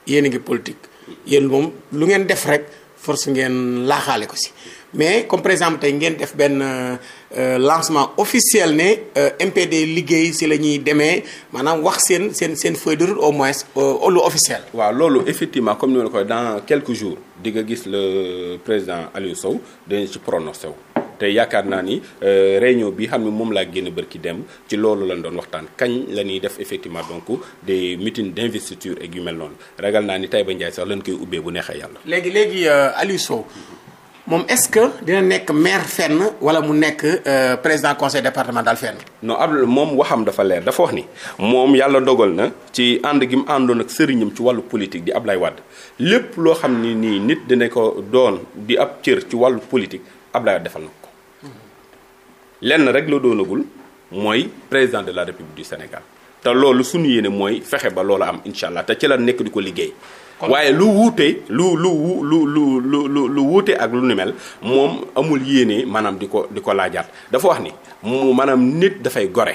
yéen a ngi politique yéen moom lu ngeen def rek force ngeen laaxaale ko si mais comme par tey ngeen def benn euh, lancement officiel ne euh, MPD liggéey si la ñuy demee maanaam wax seen seen seen feuille de route au moins euh, lu officiel. waaw loolu effectivement comme ni ma la ko dans quelques jours di nga gis le président Aliou Sow dinañ ci prononcé wu. te yaakaar naa ni euh, réunion bi xam ne moom laa génn bërki dem ci loolu lañ doon waxtaan kañ la ñuy def effectivement donc des meetings d'investiture ak yu mel noonu ragal naa ni Taïba Ndiaye sax lañ koy ubbee bu neexee yàlla. léegi léegi euh, Aliou Sow moom est-ce que dina nekk maire fenn wala mu nekk euh, président conseil départemental fenn. no Abdoul moom waxam dafa leer dafa wax ni moom yàlla dogal na ci ànd gi mu àndoon ak sëriñam ci wàllu politique di Ablaye Wade lépp loo xam ni nii nit dina ko doon di ab cër ci wàllu politique Ablaye Wade defal lenn rek la doonagul mooy président de la république du Sénégal te loolu suñu yéene mooy fexe ba loola am incha allah te ci la nekk di ko liggéey. waaye lu wuute lu lu wu lu lu lu lu wuute ak lu ni mel moom amul yéene maanaam di ko di ko laajaat dafa wax ni mu maanaam nit dafay gore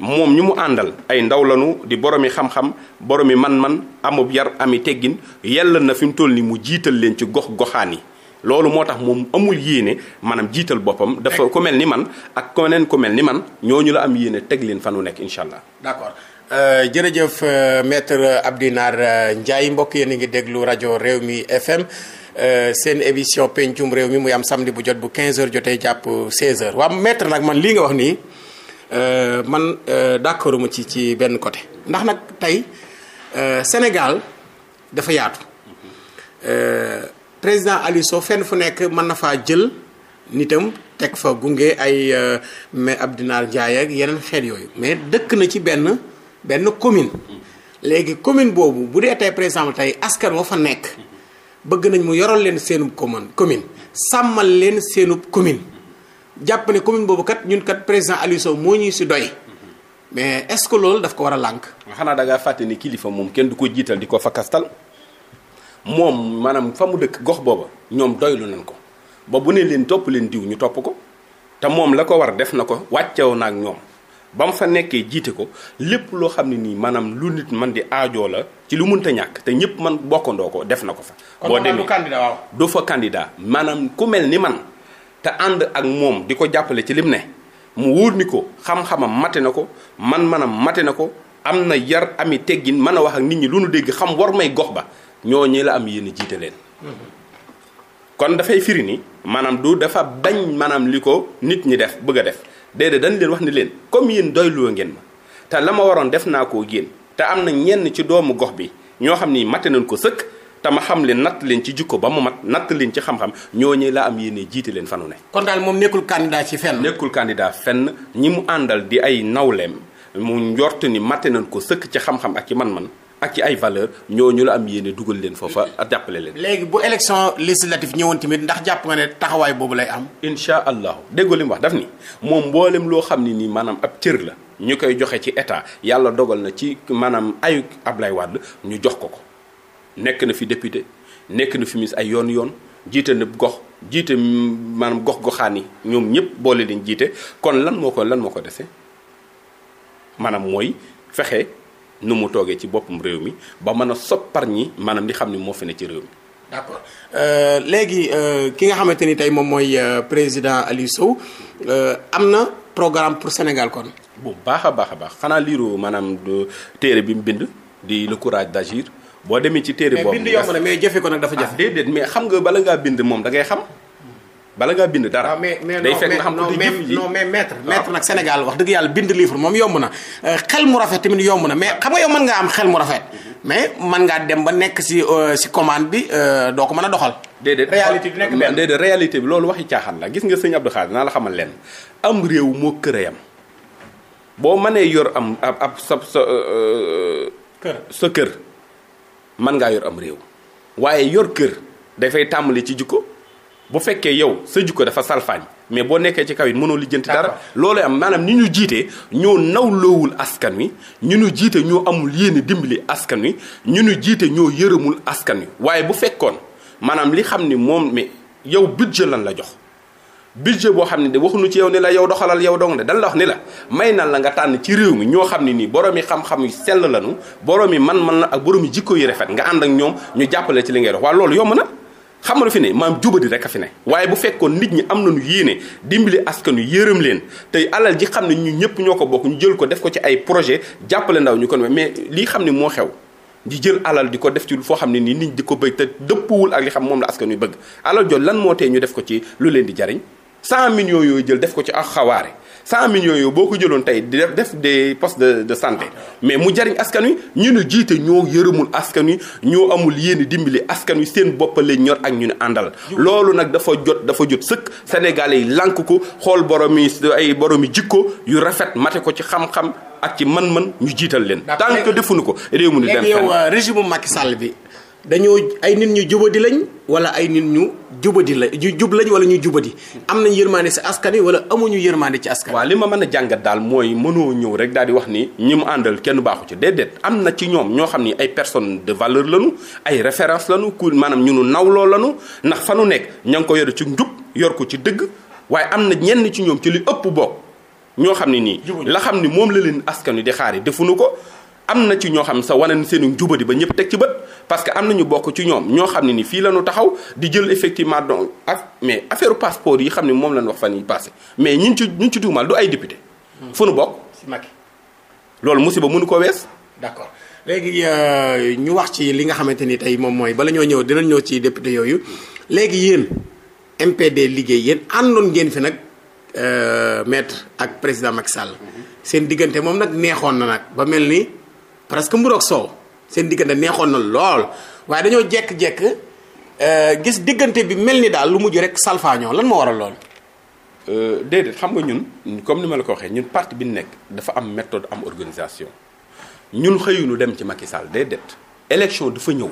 moom ñu mu àndal ay ndaw lanu di boromi xam-xam boromi man-man amub yar ami teggin yell na fi mu toll ni mu jiital leen ci gox goxaan yi. loolu moo tax moom amul yéene maanaam jiital boppam dafa ku mel ni man ak keneen ku mel ni man ñooñu la am yéene teg leen fanu nekk incha allah d'accord Euh, jërëjëf metre euh, maître Abdinar euh, Ndiaye mbokk yéen a ngi déglu rajo réew mi FM euh, seen émission pencum réew mi muy am samedi bu jot bu 15h jotee jàpp 16h waaw maître nag man lii nga wax nii euh, man d'accord ma ci ci benn côté ndax nag tey Sénégal dafa yaatu. président Aliou fenn fu nekk mën na faa jël nitam teg fa gunge ay euh, mais Abdinar Ndiaye ak yeneen xeet yooyu mais dëkk na ci benn benn commune. léegi commune boobu bu dee tey par tey askan wa fa nekk bëgg nañ mu yoral leen seenub commune commune sàmmal leen seenub commune jàpp ne commune boobu kat ñun kat président aliso moo ñuy si doy. mais est-ce que loolu daf ko war a lànk. xanaa da ngaa fàtte ni kilifa moom kenn du ko jiital di ko fa kastal moom maanaam fa mu dëkk gox boobu ñoom doylu nañ ko ba bu ne leen topp leen diw ñu topp ko te moom la ko war def na ko wàcceewu na ak ñoom ba mu fa nekkee jiite ko lépp loo xam ne nii maanaam lu nit man di aajoo la ci lu munta ñàkk te ñëpp man bokkandoo ko def na ko fa. boo demee du fa candidat maanaam ku mel ni man te ànd ak moom di ko jàppale ci lim ne mu wóor ni ko xam-xamam mate na ko man manam mate na ko am na yar ami teggin mën a wax ak nit ñi lu dégg xam war may gox ba. ñooñi la am yéen jiite leen. kon dafay firi ni maanaam du dafa bañ maanaam li ko nit ñi def bëgg a def déedéet dañ leen wax ni leen comme yéen doyloo ngeen ma te la ma waroon def naa ko génn te am na ñenn ci doomu gox bi ñoo xam ni matte nañ ko sëkk te ma xam leen natt leen ci jikko ba mu mat natt leen ci xam-xam ñooñu la am yéene jiite leen fanu ne. kon daal moom nekkul candidat ci fenn. nekkul candidat fenn ñi mu àndal di ay nawleem mu njort ni matte nañ ko sëkk ci xam ak ci man-man. ak ci ay valeur ñooñu la am yéene dugal leen foofa jàppale leen. léegi bu élection législative ñëwoon tamit ndax jàpp nga ne taxawaay boobu lay am. incha allahu déggoo li wax daf ni moom mbooleem loo xam ne nii maanaam ab cër la ñu koy joxe ci état yàlla dogal na ci maanaam ayu Ablaye Wade ñu jox ko ko nekk na fi député nekk na fi mis ay yoon yoon jiite na gox. jiite maanaam gox goxaan yi ñoom ñëpp boole leen jiite kon lan moo ko lan moo ko dese maanaam mooy fexe nu mu toogee ci boppam réew mi ba mën a par ñi maanaam di xam ni moo fi ne ci réew mi. d'accord euh, léegi euh, ki nga xamante ni tey moom mooy euh, président Aliou Sow am na programme pour Sénégal kon. bu baax a baax a baax xanaa liiru maanaam téere bi mu bind di le courage d'agir boo demee ci téere boobu. mais bind yomb na ko nag dafa jafe. Ah, déedéet mais xam nga bala ngaa bind moom da ngay xam. bala ngaa bind dara. Ah, day fekk nga xam non mais non mais maître ah. maître nag Sénégal wax dëgg yàlla bind livre moom yomb na euh, xel mu rafet tamit yomb na mais xam nga yow mën ngaa am xel mu rafet. mais mën ngaa dem ba nekk si si euh, commande bi euh, doo ko mën a doxal. déedéet réalité bi nekk réalité bi loolu waxi caaxaan la gis nga sëñ Abdou Khadre naa la xamal leen am réew moo kërayam boo mënee yor am ab ab sa sa sa kër mën ngaa yor am réew waaye yor kër dafay tàmbali ci jikko. bu fekkee yow sa jikko dafa salfaañ mais boo nekkee ci kaw it mënoo lijjanti dara loolu am maanaam ñi ñu jiite ñoo nawloowul askan wi ñu ñu jiite ñoo amul yéene dimbali askan wi ñu ñu jiite ñoo yërëmul askan wi waaye bu fekkoon maanaam li xam ni moom mais yow budget lan la jox budget boo xam ne de waxuñu ci yow ni la yow doxalal yow dong de dañ la wax ni la may nan la nga tànn ci réew mi ñoo xam ne nii boroomi xam-xam yu sell lañu boroomi man-man la ak boroomi jikko yu rafet nga ànd ak ñoom ñu jàppale ci li ngay dox waaw loolu yomb na xam nga lu fi ne maam di rek a fi ne waaye bu fekkoon nit ñi am nañu yéene dimbali askanu yërëm leen tey alal ji xam ne ñu ñëpp ñoo ko bokk ñu jël ko def ko ci ay projet jàppale ndaw ñu kon mais lii xam ne moo xew di jël alal di ko def ci foo xam ne nii nit di ko bëgg te dëppwul ak li xam moom la askan wi bëgg alal jot lan moo tee ñu def ko ci lu leen di jariñ 100 millions yooyu jël def ko ci ak xawaare cent millions yooyu boo ko jëloon tey di def def des postes de de santé mais mu jariñ askan wi ñu nu jiite ñoo yërëmul askan wi ñoo amul yéen dimbali askan wi seen bopp la ñor ak ñu ne àndal. loolu nag dafa jot dafa jot sëkk sénégalais yi lànk ko xool borom yi ay borom yi jikko yu rafet mate ko ci xam-xam ak ci man man ñu jiital leen. tant que defuñu ko réew mu ni dem yow euh, régime Macky Sall bi. dañoo ay nit ñu jubadi lañ wala ay nit ñu jubadi lañ ñu jub lañ wala ñu jubadi am nañ yërmande ci askan wi wala amuñu yërmande ci askan waa li ma mën a jàngat daal mooy mënoo ñëw rek daal di wax ni ñi mu àndal kenn baaxu ci déedéet am na ci ñoom ñoo xam ni ay personne de valeur lanu ay référence lañu ku maanaam ñu nu nawloo lanu ndax fa nu nekk ña ngi ko yore ci njub yor ko ci dëgg waaye am na ñenn ci ñoom ci li ëpp bokk ñoo xam ne nii la xam ni moom la leen askan wi di xaar defuñu ko am na ci ñoo xam sa wane seen njubadi ba ñëpp teg ci bët parce que am na ñu bokk ci ñoom ñoo xam ne ni fii la ñu taxaw di jël effectivement donc ak mais affaire passeport yi xam ne moom la ñu wax fan yi passé mais ñin ci ñin ci tuumal du ay député. Hmm. fu nu bokk. si Macky loolu musiba mënu ko wees. d'accord léegi euh, ñu wax ci li nga xamante ni tey moom mooy bala ñoo ñëw dinañ ñëw ci député yooyu léegi yéen MPD liggéey yéen àndoon ngeen fi nag euh, maître ak président Macky Sall. Hmm. seen diggante moom nag neexoon na nag ba mel ni. presque mburoog soow seen diggante neexoon na lool waaye dañoo jekk-jekk euh, gis diggante bi mel ni daal lu mujj rek salfaañoo lan moo a lool. Euh, déedéet xam nga ñun comme ni ma la ko waxee ñun parti bi nekk dafa am méthode am organisation ñun xëyunu dem ci Macky Sall déedéet élection dafa ñëw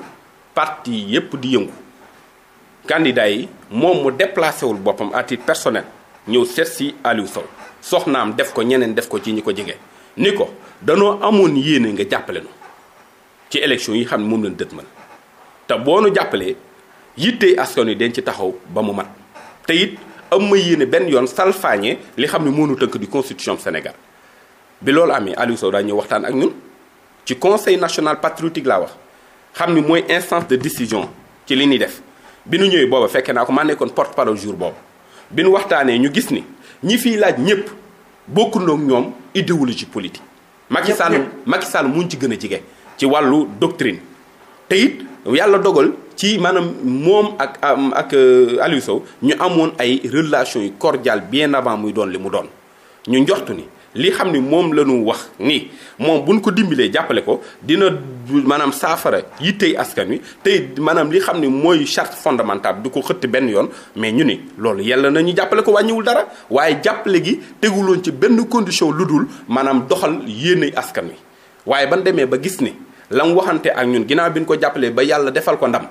parti yépp di yëngu candidat yi moom mu déplacé wul boppam à titre personnel ñëw seet si Aliou Sow soxnaam def ko ñeneen def ko ci ñu ko jege. ni ko danoo amoon yéene nga jàppale nu ci élection yi xam ne moom lañ dëtmal te boo nu jàppalee yittey askan wi den ci taxaw ba mu mat te it am ma yéene benn yoon salfaañe li xam ne moonu tënk di constitution Sénégal bi loolu amee Aliou Sow daa ñëw waxtaan ak ñun ci conseil national patriotique laa wax xam ni mooy instance de décision ci li ñuy def bi nu ñëwee booba fekkee naa ko maa nekkoon porte parole jour boobu bi nu waxtaanee ñu gis ni ñi fiy laaj ñëpp bokkundoo ñoom idéologie politique. Macky Sall Macky Sall mu ci gën a jige ci wàllu doctrine te yàlla dogal ci maanaam moom ak ak euh, Aliou Sow ñu amoon ay relations yu cordiales bien avant muy doon li mu doon ñu njoxtu ni. li xam ni moom la wax ni moom buñ ko dimbalee jàppale ko dina maanaam saafara yittey askan wi tey maanaam li xam ni mooy charte fondamentale du ko xëtt benn yoon mais ñu ni loolu yàlla na ñu jàppale ko wàññiwul dara waaye jàppale gi teguloon ci benn condition lu dul maanaam doxal yéeney askan wi waaye ban demee ba gis ni la mu waxante ak ñun ginnaaw bi ñu ko jàppalee ba yàlla defal ko ndam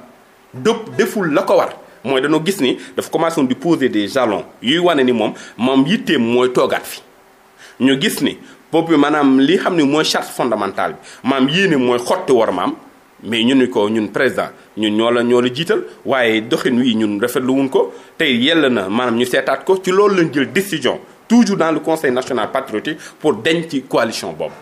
dëpp deful la ko war mooy dañoo gis ni dafa commencé woon di poser des jalons yuy wane ni moom moom yitteem mooy toogaat fi ñu gis ni bopp bi maanaam li xam ne mooy charte fondamentale bi maam yii ni mooy xotti war maam mais ñu ni ko ñun président ñun ñoo la ñoo la jiital waaye doxin wi ñun rafetlu wuñ ko tey yell na maanaam ñu seetaat ko ci loolu lañ jël décision toujours dans le conseil national patriotique pour denc ci coalition boobu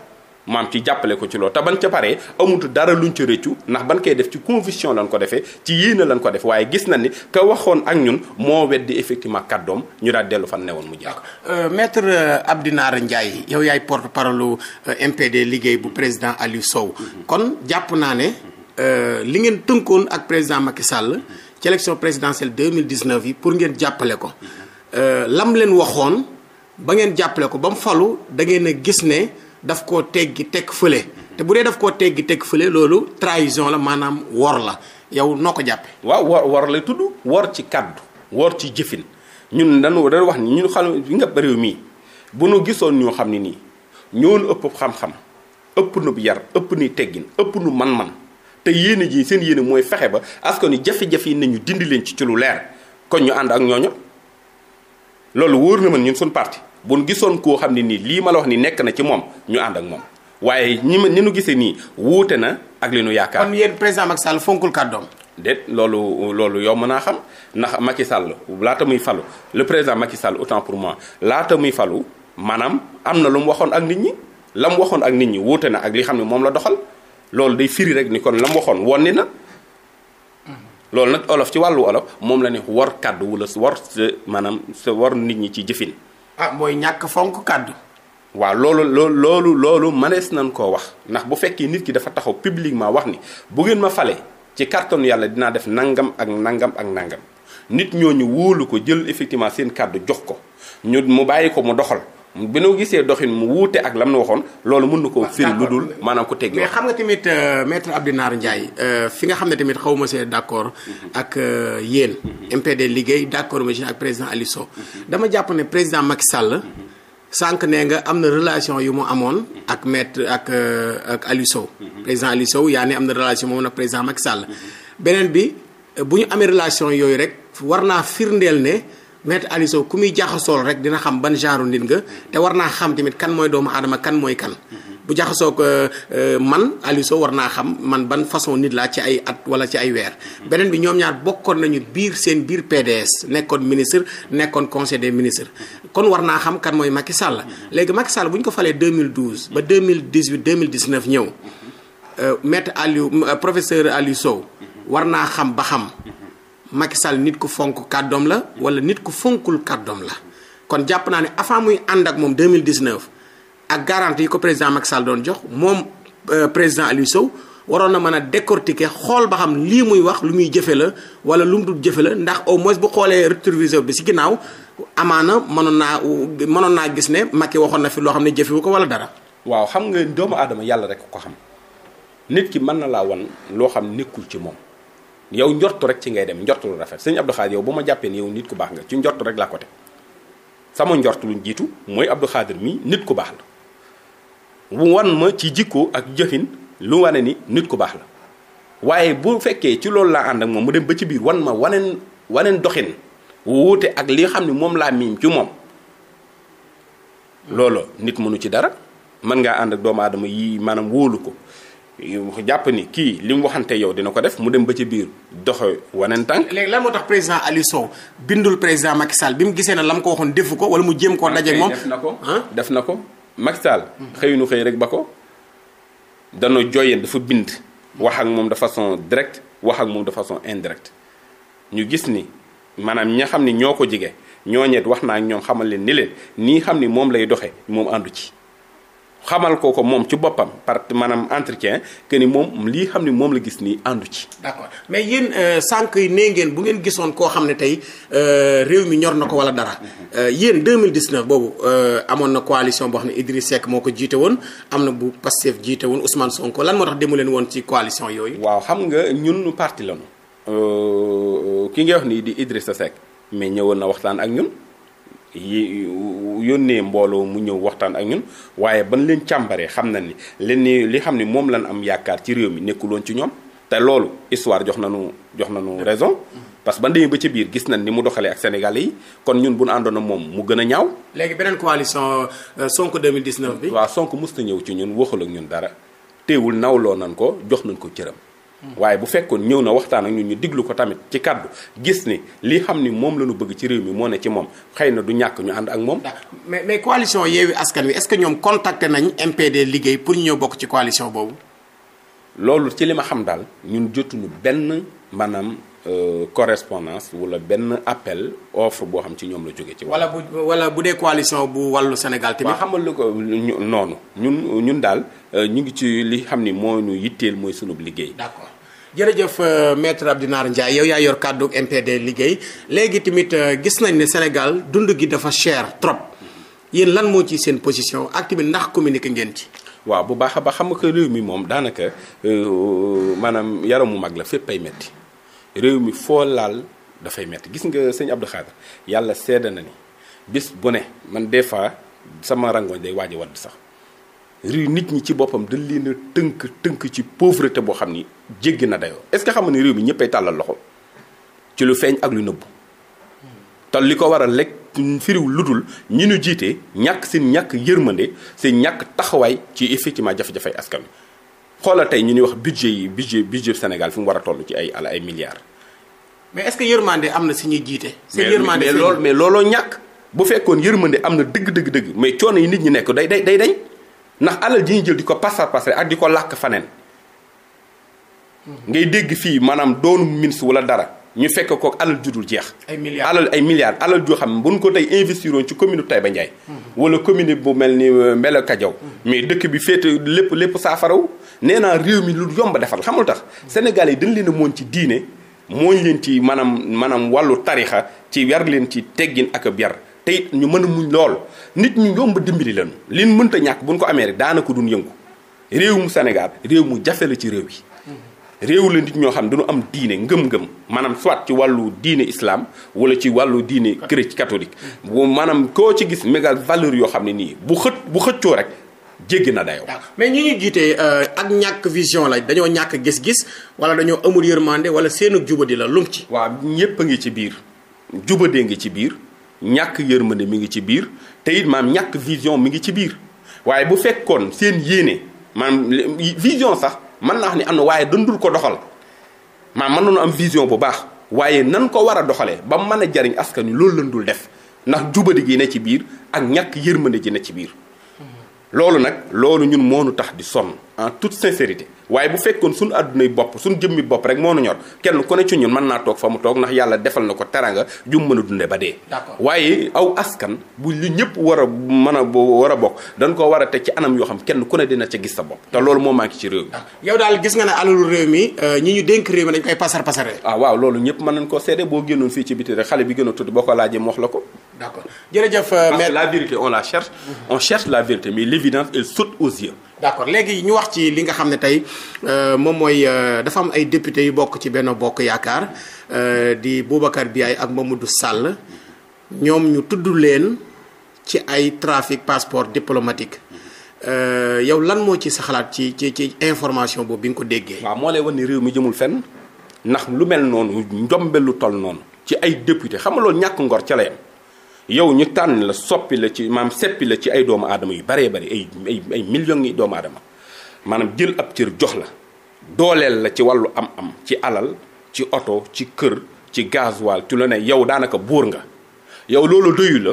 maam ci jàppale ko ci loolu te ban ca pare amut dara luñ ca rëccu ndax ban koy def ci conviction lañ ko defee ci yéena lañ ko def waaye gis na ni ka waxoon ak ñun moo weddi effectivement kàddoom ñu daal dellu fan newoon mu jeex. Euh, maître euh, Abdy Nara Ndiaye yow yaay porte parole euh, MPD liggéey bu président Aliou Sow. Mhm. kon jàpp naa ne li ngeen tënkoon ak président Macky Sall. ci élection présidentielle 2019 yi pour ngeen jàppale ko. Mhm. lam leen waxoon ba ngeen jàppale ko ba mu falu da ngeen a gis ne. daf ko teggi teg fële te bu dee daf koo teggi teg fële loolu trahison la maanaam wor la yow noo ko jàppe waaw wor wor la tudd wor ci kàddu wor ci jëfin ñun dañu dañu wax ni ñun xam bi nga réew mii bu nu gisoon ñoo xam ne nii ñoonu ëpp xam-xam ëpp nu yar ëpp ni teggin ëpp nu man-man te yéene ji seen yéene mooy fexe ba askan wi jafe-jafe yi nañu dindi leen ci ci lu leer kon ñu ànd ak ñooñu loolu wóor na man ñun suñu parti buñ gisoon koo xam ne nii lii ma la wax ni nekk na ci moom ñu ànd ak moom waaye ñi ma ni nu gisee nii wuute na ak li nu yaakaar. kon yéen président Macky Sall fonkul kàddoom. déet loolu loolu yomb naa xam ndax Macky Sall laata muy falu le président Macky Sall autant pour moi laata muy falu maanaam am na lu mu waxoon ak nit ñi la mu waxoon ak nit ñi wuute na ak li xam ne moom la doxal loolu day firi rek ni kon la mu waxoon wonni na. loolu nag olof ci wàllu olof moom la ne war kàddu wala war sa maanaam sa war nit ñi ci jëfin. ah mooy ñàkk fonk kàddu. waaw loolu loolu loolu loolu mënees nañ ko wax ndax bu fekkee nit ki dafa taxaw publiquement wax ni bu ngeen ma fale ci carton yàlla dinaa def nangam ak nangam ak nangam nit ñooñu wóolu ko jël effectivement seen kàddu jox ko ñu mu bàyyi ko mu doxal. bi noo gisee doxin mu wuute ak lam na waxoon loolu mën na koo firi lu dul maanaam ku teggi mais xam nga tamit euh, maître Abdinaar Ndiaye euh, fi nga xam ne tamit xaw ma see euh, d' accord ak yéen MPD liggéey d' accord ak président aliso dama jàpp ne président Macky Sall sànq ne nga am na relation yu mu amoon ak maître ak ak Aliou Sow président Aliou Sow yaa ne am na relation moom na président Macky Sall beneen bi bu ñu amee relation yooyu rek war naa firndeel ne maître Aliou Sow ku muy jaxasool rek dina xam ban genre nit nga te war naa xam tamit kan mooy doomu aadama kan mooy kan bu jaxasoo ko euh, euh, man Aliou war naa xam man ban façon nit laa ci ay at wala ci ay weer beneen bi ñoom ñaar bokkoon nañu biir seen biir PDS nekkoon ministre nekkoon conseil des ministres kon war naa xam kan mooy Macky Sall léegi Macky Sall bu ñu ko falee 2012 ba 2018 2019 ñëw euh, maître Aliou professeur Aliou Sow war naa xam ba xam Macky Sall nit ku fonk kàddoom la wala nit ku fonkul kàddoom la kon jàpp naa ne avant muy ànd ak moom 2019 ak garantie yi ko président Macky Sall doon jox moom euh, président Aliou Sow waroon na mën a décortiquer xool ba xam lii muy wax lu muy jëfe la wala lu mu dul jëfe la ndax au moins bu xoolee rétroviseur bi si ginnaaw amaana mënoon naa mënoon naa gis ne Macky waxoon na fi loo xam ne jëfewu ko wala dara. waaw xam nga doomu aadama yàlla rek ko xam nit ki mën na laa wan loo xam nekkul ci moom. yow njortu rek ci ngay dem njortu rafet sëñ Abdou Khadir yow bu ma jàppee ni yow nit ku baax nga ci njortu rek laa ko teg sama njort luñ jiitu mooy Abdou Khadir mi nit ku baax la wan ma ci jikko ak jëfin lu wane ni nit ku baax waaye bu fekkee ci loolu laa ànd ak moom mu dem ba ci biir wan ma waneen waneen doxin wuute ak li xam ne moom laa miim ci moom loolu nit mënu ci dara mën ngaa ànd ak doomu aadama yi maanaam wóolu ko jàpp ni kii li mu waxante yow dina ko def mu dem ba ci biir doxe wanen tànk léegi lan moo tax président Aliou Sow bindul président Macky Sall bi mu gisee na la mu ko waxoon defu ko wala mu jéem koo daje moom def na ko def na ko Macky Sall xëyunu xëy rek ba ko dana joyeen dafa bind wax ak moom de façon directe wax ak moom def façon indirecte ñu gis ni maanaam ña xam ni ñoo ko jige ñooñeet wax naa ñoom xamal leen ni leen nii xam ni moom lay doxee moom àndu ci xamal ko ko moom ci boppam par maanaam entretien que ni moom lii xam ne moom la gis nii àndu ci. mais yéen euh, sànq yi nee ngeen bu ngeen gisoon koo xam ne tey euh, réew mi ñor na ko wala dara. Euh, yéen 2019 boobu amoon na coalition boo xam ne Idriss Seck moo ko jiite woon am na bu Pastef jiite woon Ousmane Sonko lan moo tax demu leen woon ci coalition yooyu. waaw xam nga ñun parti lañu. ki nga wax nii di Idrissa Seck mais ñëwoon na waxtaan ak ñun. yi yónnee mbooloo mu ñëw waxtaan ak ñun waaye ban leen càmbaree xam na ni leen ni li xam ni moom lan am yaakaar ci réew mi nekkuloon ci ñoom te loolu histoire jox nañu jox nañu raison parce que ban demee ba ci biir gis nañ ni mu doxalee ak sénégalais yi kon ñun bu ñu àndoon ak moom mu gën a ñaaw. léegi beneen coalition euh, Sonko 2019 bi. waa sonk mos na ñëw ci ñun waxul ak ñun dara teewul nawloo nañ ko jox nañ ko cëram. waaye bu fekkoon ñëw na waxtaan ak ñu ñu diglu ko tamit ci kaddu gis ni li xam ni moom la ñu bëgg ci réew mi moo ne ci moom xëy na du ñàkk ñu ànd ak moom. mais mais coalition Yewwi Askan Wi est-ce que ñoom contacté nañ MPD liggéey pour ñu ñëw bokk ci coalition boobu. loolu ci li ma xam daal ñun jotuñu benn maanaam Euh, correspondance wala benn appel offre boo xam ci ñoom la jóge ci. wala bu wala bu dee coalition bu wàllu Sénégal tamit. xamal lu ko noonu ñun ñun daal euh, ñu ngi ci li xam ni moo ñu yitteel mooy sunub liggéey. d'accord jërëjëf euh, maître Abdinaar Ndiaye yow yaa yor kàddu MPD liggéey léegi tamit gis nañ ne Sénégal dund gi dafa cher trop yéen lan moo ci seen position ak tamit ndax communiqué ngeen ci. waaw bu baax a baax xam nga réew mi moom daanaka maanaam mu mag la fépp ay metti réew mi foo laal dafay metti gis nga sëñ Abdou Khadre yàlla sedd na ni bis bu ne man des fois sama rangoñ day waaj a wadd sax réew nit ñi ci boppam dañ leen tënk tënk ci pauvreté boo xam ni jéggi na dayoo est-ce que xam nga ni réew mi ñëppay tàllal loxo ci lu feeñ ak lu nëbbu te li ko war waral lekk firiw lu dul ñu jiite ñàkk seen ñàkk yërmande seen ñàkk taxawaay ci effectivement jafe-jafey askan wi xoolal tey ñu ni wax budget yi budget budget Sénégal fi mu war a toll ci ay ala ay milliards. mais est-ce que yërmande am na si ñuy jiite. si yërmande mais lool mais looloo ñàkk. bu fekkoon yërmande am na dëgg dëgg dëgg mais coono yi nit ñi nekk day day day dañ ndax alal ji ñu jël di ko pasar pasare ak di ko làkk faneen. Hmm. ngay dégg fii maanaam doonu ministre wala dara. ñu fekk ko alal judul jeex. ay milliards alal ay milliards alal joo xam ne bu ñu ko tey investir woon ci commune Taïba Ndiaye. Mm-hmm. wala commune bu mel ni euh, Mbelo Kadiaw. Mm-hmm. mais dëkk bi féete lépp lépp saafaraw nee naa réew mi lu yomb defal xamul tax. Mm-hmm. Sénégal yi dañ leen a moon ci diine mooñ leen ci maanaam maanaam wàllu tarixa ci yar leen ci teggin ak ab yar tey ñu mën a muñ lool nit ñu yomb dimbali leen. liñ mënta ñàkk buñ ko amee rek daanaka duñ yëngu réew mu Sénégal réew mu jafe la ci réew yi. réew la nit ñoo xam ne dañu am diine ngëm-ngëm maanaam soit ci wàllu diine islaam wala ci wàllu diine grec catholique bu maanaam koo ci gis méga valeur yoo xam ne nii bu xët bu xëccoo rek jéggi na dayoo. mais ñu ñu jiitee euh, ak ñàkk vision la dañoo ñàkk gis-gis wala dañoo amul yërmande wala seenug jubadi la lum ci. waa ñëpp a ngi ci biir jubadee ngi ci biir ñàkk yërmande mi ngi ci biir te it maam ñàkk vision mi ngi ci biir waaye bu fekkoon seen yéene maanaam vision sax. mën naa wax ni am na waaye dundul ko doxal maa mën nañu am vision bu baax waaye nan ko war a doxalee ba mën a jariñ askan wi loolu lañ dul def ndax jubadi gi ne ci biir ak ñàkk yërmande ji ne ci biir mhm. loolu nag loolu ñun moonu tax di sonn en toute sincérité waaye bu fekkoon suñu addunay bopp suñu jëmmi bopp rek moo nu ñor kenn ku ne ci ñun naa toog fa mu toog ndax yàlla defal na ko teranga jum mën a dunde ba dee waaye aw askan bu li ñëpp war a mën a war a bokk dañ ko war a teg ci anam yoo xam kenn ku ne dina ca gis sa bopp te loolu moo manqué ci réew mi yow daal gis nga ne alalu réew mi euh, ñi ñu dénk réew mi dañ koy pasar pasare ah, waaw loolu ñëpp mën nañ koo seede boo génnoon fii ci biti xale bi gën a tudd boo la ko d' accord jërëjëf. Euh, parce la vérité on la cherche. Mhm. on la vérité l' évidence elle saute aux yeux. léegi ñu wax ci li nga xam ne tey euh, moom mooy euh, dafa am ay député yu bokk ci benn bokk yaakaar di Boubacar Biaye ak Mamadou sàll ñoom ñu tudd leen ci ay trafic passeport diplomatique. yow lan moo ci sa xalaat ci ci ci information boobu bi nga ko déggee. moo lay wan ni réew mi jëmul fen ndax lu mel noonu njombelu tol noonu ci ay député xam nga loolu ñàkk ngor ca la yam yow ñu tànn la soppi la ci maam seppi la ci ay doomu aadama yu baree bari ay ay ay millions yi doomu adama maanaam jël ab cër jox la dooleel la ci wàllu am-am ci alal ci oto ci kër ci gasoil tu la ne yow daanaka buur nga yow loolu doyu la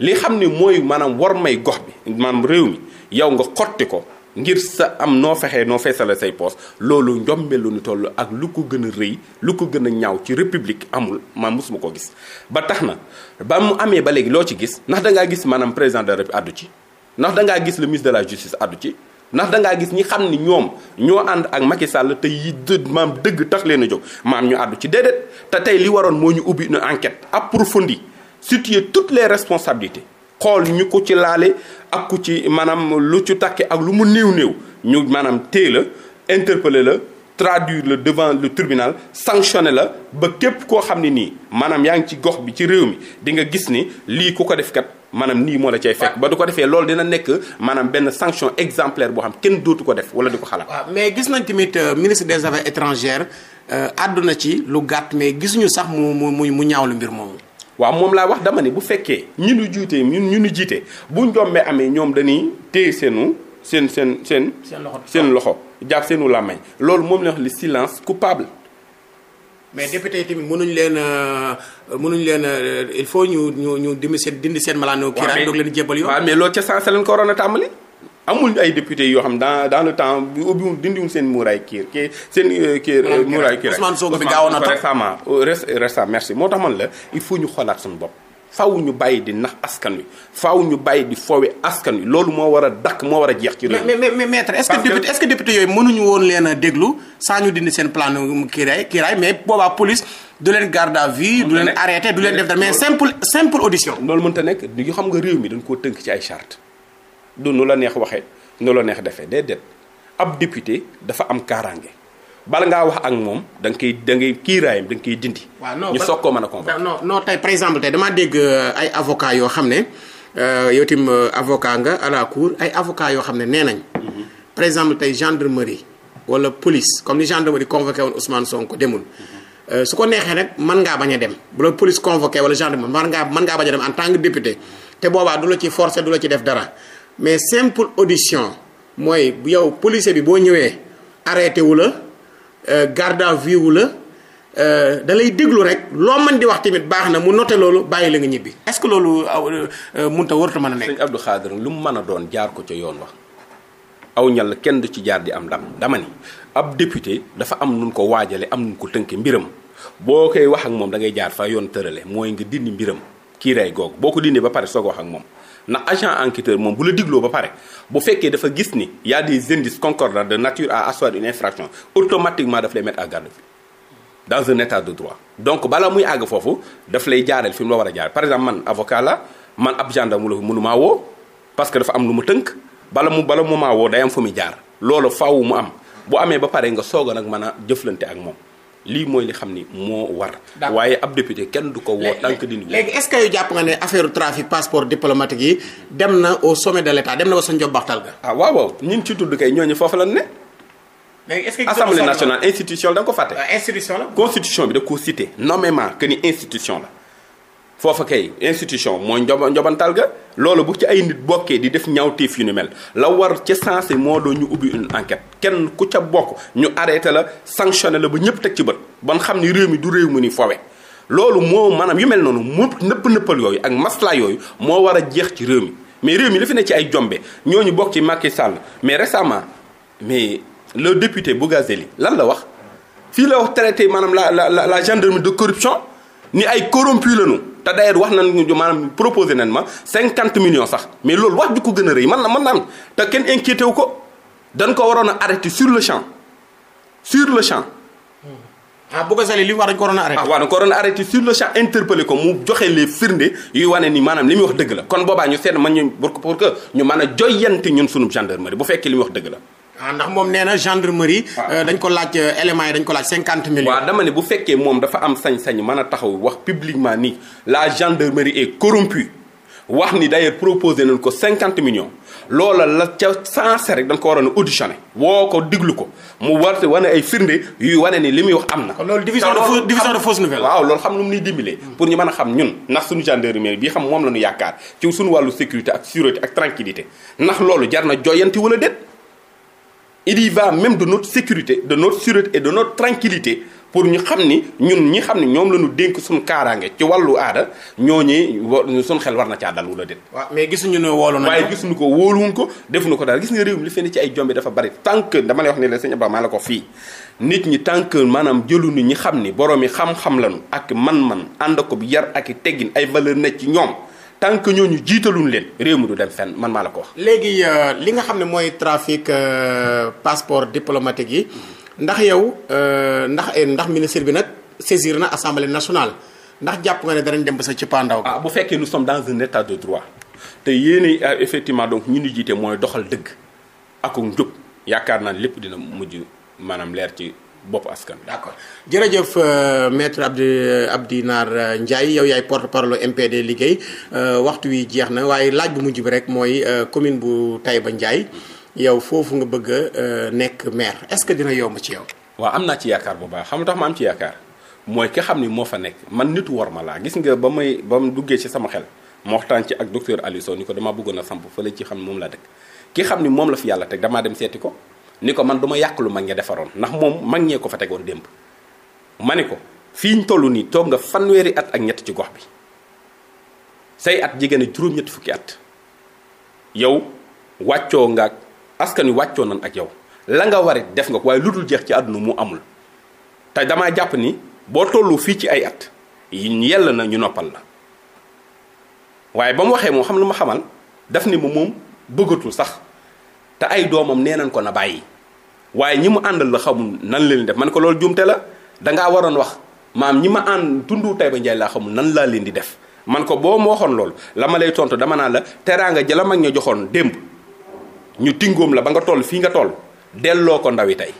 li xam ne mooy maanaam war may gox bi maanaam réew mi yow nga xotti ko ngir sa am noo fexee noo feesale say post loolu njombe lu ñu toll ak lu ko gën a rëy lu ko gën a ñaaw ci république amul ma musuma ko gis. ba tax na ba mu amee ba léegi loo ci gis ndax da ngaa gis maanaam président de la république ci ndax danga gis le ministre de la justice addu ci ndax da ngaa gis ñi xam ni ñoom ñoo ànd ak Macky Sall te yi dë maam dëgg tax leen a jóg maam ñu àddu ci déedéet te tey li waroon moo ñu ubbi une enquête approfondie situer toutes les responsabilités. xool ñu ko ci laale ak ku ci maanaam lu ci takki ak lu mu néew néew ñu maanaam tée la interpeller la traduire la devant lu tribunal sanctionné la ba képp koo xam ne nii maanaam yaa ngi ci gox bi ci réew mi di nga gis ni lii ku ko def kat maanaam nii moo la cay fekk ba du ko defee loolu dina nekk maanaam benn sanction exemplaire boo xam kenn dootu ko def wala di ko xalaat. waaw mais gis nañ tamit euh, ministre des affaires étrangères euh, àdduna ci lu gàtt mais gisuñu sax mu mu mu ñaawlu mbir moomu. waaw moom laa wax dama ne bu fekkee ñu nu juutee ñun ñu nu jiitee bu njombe amee ñoom dañuy téye seenu seen seen seen. seen loxo jàpp seenu làmmañ loolu moom la wax li silence coupable. mais député yi tamit mënuñu leen euh, mënuñu leen euh, il faut ñu ñu ñu dindi seen dindi seen malaanu. waaw kii doog leen jébbal yoon. waaw mais loolu ca sens lañ ko waroon a tàmbali. amul ay député yoo xam dans dans le temps bi ubbiwul dindiwul seen muuraay kiir kii seen euh, kii euh, muuraay kiir Ousmane Sonko bi gaawoon na récemment euh, récemment merci moo tax man la il faut ñu xoolaat suñu bopp faaw ñu bàyyi di nax askan wi faaw ñu bàyyi di foowe askan wi loolu moo war a dakk moo war a jeex ci réew mais mais maître est-ce que député est-ce que député yooyu mënuñu a déglu saa ñu dindi seen plan kiiraay mais boobaa police du leen garde à vue du leen arrêté du leen def dara mais simple simple audition loolu mënta nekk xam nga réew mi dañ koo tënk ci ay charte du nu la neex waxee nu la neex defee de de ab député dafa am kaaraange bala ngaa wax ak moom da nga koy da ngay kiiraayam da nga koy dindi. ñu soog koo mën a convaincre. non non par exemple tey dama dégg euh, ay avocat yoo xam ne euh, yow tim euh, avocat nga à la ay avocat yoo xam ne nee nañ. Mm-hmm. par exemple tey gendarmerie wala police comme ni gendarmerie convoqué woon Ousmane Sonko demul. Mm-hmm. su ko neexee rek mën ngaa bañ dem bu la police convoqué wala gendarmerie mën ngaa mën ngaa bañ dem en tant que député te boobaa du la ci forcer du la ci def dara. mais simple audition mooy bu yow policier bi boo ñëwee arrêté wu la euh, garde à vue la euh, da lay déglu rek loo man di wax tamit baax na mu noté loolu bàyyi la nga ñibbi. est-ce que loolu euh, mënut a warut a mën a nekk. sëñ Abdou lu mu mën a doon jaar ko ca yoon wax aw ñal kenn du ci jaar di am ndam dama ab député dafa am nun ko waajale am nun ko tënke mbiram boo koy wax ak moom da ngay jaar fa yoon tërale mooy nga dindi mbiram rey googu boo ko dindee ba pare soog wax ak moom. ndax agent enquêteur moom bu la digloo ba pare bu fekkee dafa gis ni y a des indices concordants de nature à asseoir une infraction automatiquement daf lay mettre à garde vue dans un état de droit donc balaa muy àgg foofu daf lay jaareel fi la war a jaar par exemple man avocat la man ab gendarme la mënu maa woo parce que dafa am lu ma tënk bala mu bala mu ma woo day am fu muy jaar loolu faw mu am bu amee ba pare nga soog a nag mën a jëflante ak moom lii mooy li xam ni moo war. waaye ab député kenn du ko woo. tànk di léegi est-ce que yow jàpp nga ne affaire trafic passeport diplomatique yi dem na au sommet de l'État dem na ba sa njob baxtal ga. ah waaw waaw ñun ci tudd kay ñooñu foofu lañ ne. léegi est assemblée nationale institution da nga ko fàtte. constitution bi da ko cité nommément que ni institution la. foofa kay institution mooy njobantal ga loolu bu ci ay nit bokkee di def ñaawteef yu ni mel la war ci sensé moo doon ñu ubbi une enquête kenn ku ca bokk ñu arrêté la sanctionné la ba ñëpp teg ci bët ban xam ni réew mi du réew mu ni fowe loolu moo maanaam yu mel noonu mu nëpp nëppal yooyu ak maslaa yooyu moo war a jeex ci réew mi mais réew mi la ne ci ay jombe ñoo ñu bokk ci Macky Sall mais récemment mais le député Bougazeli lan la wax fii la wax traité maanaam la la la gendarmerie de corruption ni ay corrompu lañu te d'ailleurs wax nañ ñu maanaam proposé nañ ma cinquante millions sax mais loolu wax ju ko gën a rëy man na mën naan te kenn inquiété wu ko dañ ko waroon a arrêté sur le champ sur le champ. Hmm. ah bu ko salee li wax dañ a arrêté. ah waaw dañ ko waroon a arrêté ko mu joxe les firnde yuy ni maanaam li muy wax dëgg la kon boobaa ñu seet man ñu pour que ñu mën a joyante ñun sunu gendarmerie bu fekkee li muy wax dëgg la. ah ndax moom nee na gendarmerie. Ah. Euh, dañ ko laaj euh, éléments yi dañ ko laaj cinquante millions. waaw dama ne bu fekkee moom dafa am sañ-sañ mën a taxaw wax publiquement ni la gendarmerie est corrompue wax ni day proposé na ko cinquante millions loola la ca sensé rek dañ ko waroon a auditionné boo ko diglu ko mu war wane ay firnde yuy wane ni li muy wax am na. kon loolu division de division de fausse nouvelle. waaw loolu xam nu mu ñuy dimbalee. Hmm. pour ñu mën a xam ñun ndax suñu gendarmerie bi xam moom la ñu yaakaar ci suñu wàllu sécurité ak sûreté ak tranquillité ndax loolu jar na joyanti wala déet. il y même de notre sécurité de not sûreté et de not tranquillité pour ñu xam ni ñun ñi xam ni ñoom la ñu dénk suñ kaaraange ci wàllu aada ñooñee wa suñu xel war na caa dal wala déet. waaw mais gisuñu ne wóolu nañu waaye gisuñu ko wóoluwuñ ko defuñu ko daal gis nga réew mi li fee ci ay jombi dafa bari tant que dama lay wax ni la sëñ Abba maa la ko fii nit ñi tant que jëlu jëluñu ñi xam ni borom yi xam-xam lañu ak man-man ànd ko bi yar ak teggin ay valeur nekk ci ñoom. tant que ñooñu jiitaluñ leen réew mi du dem fenn man maa la ko wax. léegi euh, li nga xam ne mooy trafic euh, passeport diplomatique yi ndax yow euh, ndax eh, ndax ministre bi nag saisir na assemblée nationale ndax jàpp nga ne danañ dem ba sa ci pandaw. ah bu fekkee nu sommes dans un état de droit te yéen effectivement donc ñu ñu jiite mooy doxal dëgg ak njub yaakaar naa lépp dina mujj maanaam leer ci. bopp askan bi. d'accord jërëjëf euh, maître Abdi euh, Abdi Nar euh, Ndiaye yow yaay porte parole MPD liggéey waxtu wi jeex na waaye laaj bu mujj bi rek mooy commune bu ba njaay yow foofu nga bëgg a nekk maire est-ce que dina yomb ci yow. waaw am naa ci yaakaar bu baax xam lu tax ma am ci yaakaar mooy ki xam ni moo fa nekk man nitu war ma laa gis nga ba may ba mu duggee ci sama xel ma waxtaan ci ak docteur Aliou Sow ni ko damaa bëggoon a samp fële ci xam ne moom laa dëkk ki xam ni moom la fi yàlla teg damaa dem seeti ni ko man du ma yàq lu mag ña defaroon ndax moom mag ñee ko fa tegoon démb ma ni ko fii ñu toll nii toog nga fanweeri at ak ñett ci gox bi say at jigéen juróom-ñetti fukki at yow wàccoo nga askan wi wàccoo nan ak yow la nga war def nga ko waaye lu dul jeex ci àdduna mu amul te dama jàpp ni boo tollu fii ci ay at yell na ñu noppal la waaye ba mu waxee moo xam lu ma xamal def ni ma moom bëggatul sax te ay doomam nee nan ko na bàyyi waaye ñi mu àndal la xamul nan la leen def man ko loolu jumte la da waroon wax maam ñi ma ànd tundu ba Ndiaye laa xamul nan laa leen di def man ko boo ma waxoon loolu la ma lay tontu dama naa la teraanga jëla mag ña joxoon démb ñu tingoom la ba nga toll fii nga toll delloo ko ndawi tey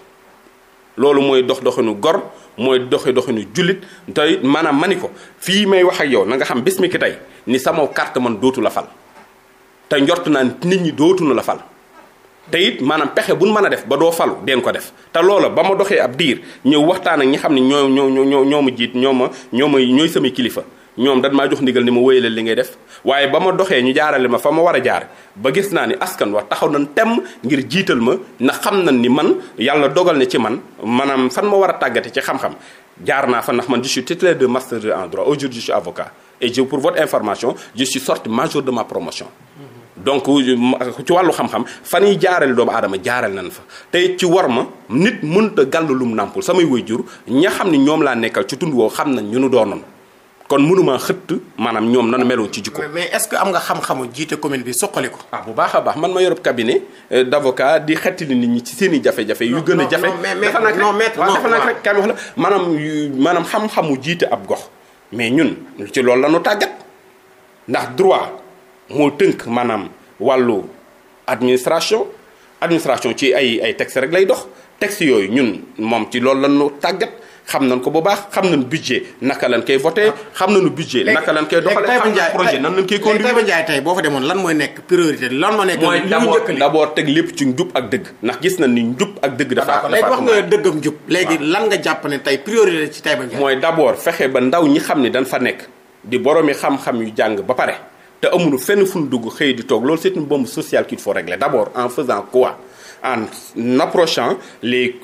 loolu mooy dox doxinu gor mooy doxi doxinu jullit tey maanaam mani ko fii may wax ak yow na nga xam bis mi ki tey ni sama carte man dootu la fal te njort naa nit ñi dootu na la fal te it maanaam pexe buñ mën a def ba doo fal den ko def te loola ba ma doxee ab diir ñëw waxtaan ak ñi xam ne ñoo ñoo ñoo ñoo ma jiit ñoo ma ñoo ma ñooy samay kilifa ñoom dañ maa jox ndigal ni ma wéyalal li ngay def waaye ba ma doxee ñu jaarale ma fa ma war a jaar ba gis naa ni askan wa taxaw na temm ngir jiital ma na xam nañ ni man yàlla dogal na ci man maanaam fan ma war a tàggate ci xam-xam jaar naa fa ndax man je suis titulaire de master en droit aujourd'hui je suis pour votre information je suis sorti de ma promotion mm-hmm. donc euh, ci wàllu xam-xam fan yi jaarale doomu aadama jaarale nan fa tey ci war ma nit mënta gàll lum nàmpul samay waajur ña xam ne ñoom laa nekkal ci tund woo xam nañ ñu nu doonoon kon mënuma xëtt maanaam ñoom nan meloon ci jikko mais est-ce que am nga xam-xamu jiite commune bi suqali ko ah bu baax a baax man ma yorob cabinet euh, di xettali nit ñi ci seen i jafe yu gën a jafe dafa nag rek waaw dafa nag rek kaay la maanaam maanaam xam-xamu ab gox mais ñun ci loolu la ñu tàggat ndax droit moo tënk maanaam wàllu administration administration ci ay ay texte rek lay dox texte yooyu ñun moom ci loolu lan lañu tàggat xam nañ ko bu baax xam nañ budget naka lañ koy voté xam nañu budget naka lañ koy doxale xam nañ projet nan lañ koy conduire Taïba Ndiaye tey boo fa demoon lan mooy nekk priorité lan moo nekk mooy d'abord teg lépp ci njub ak dëgg ndax gis nañ ni njub ak dëgg dafa léegi wax nga dëggam njub léegi lan nga jàpp ne tey priorité ci Taïba Ndiaye mooy d'abord fexe ba ndaw ñi xam ni dañ fa nekk di boroomi xam-xam yu jàng ba pare te amulu fenn fu ñu dugg xëy di toog loolu c'est une bombe sociale qu'il faut régler d'abord en faisant quoi en approchant les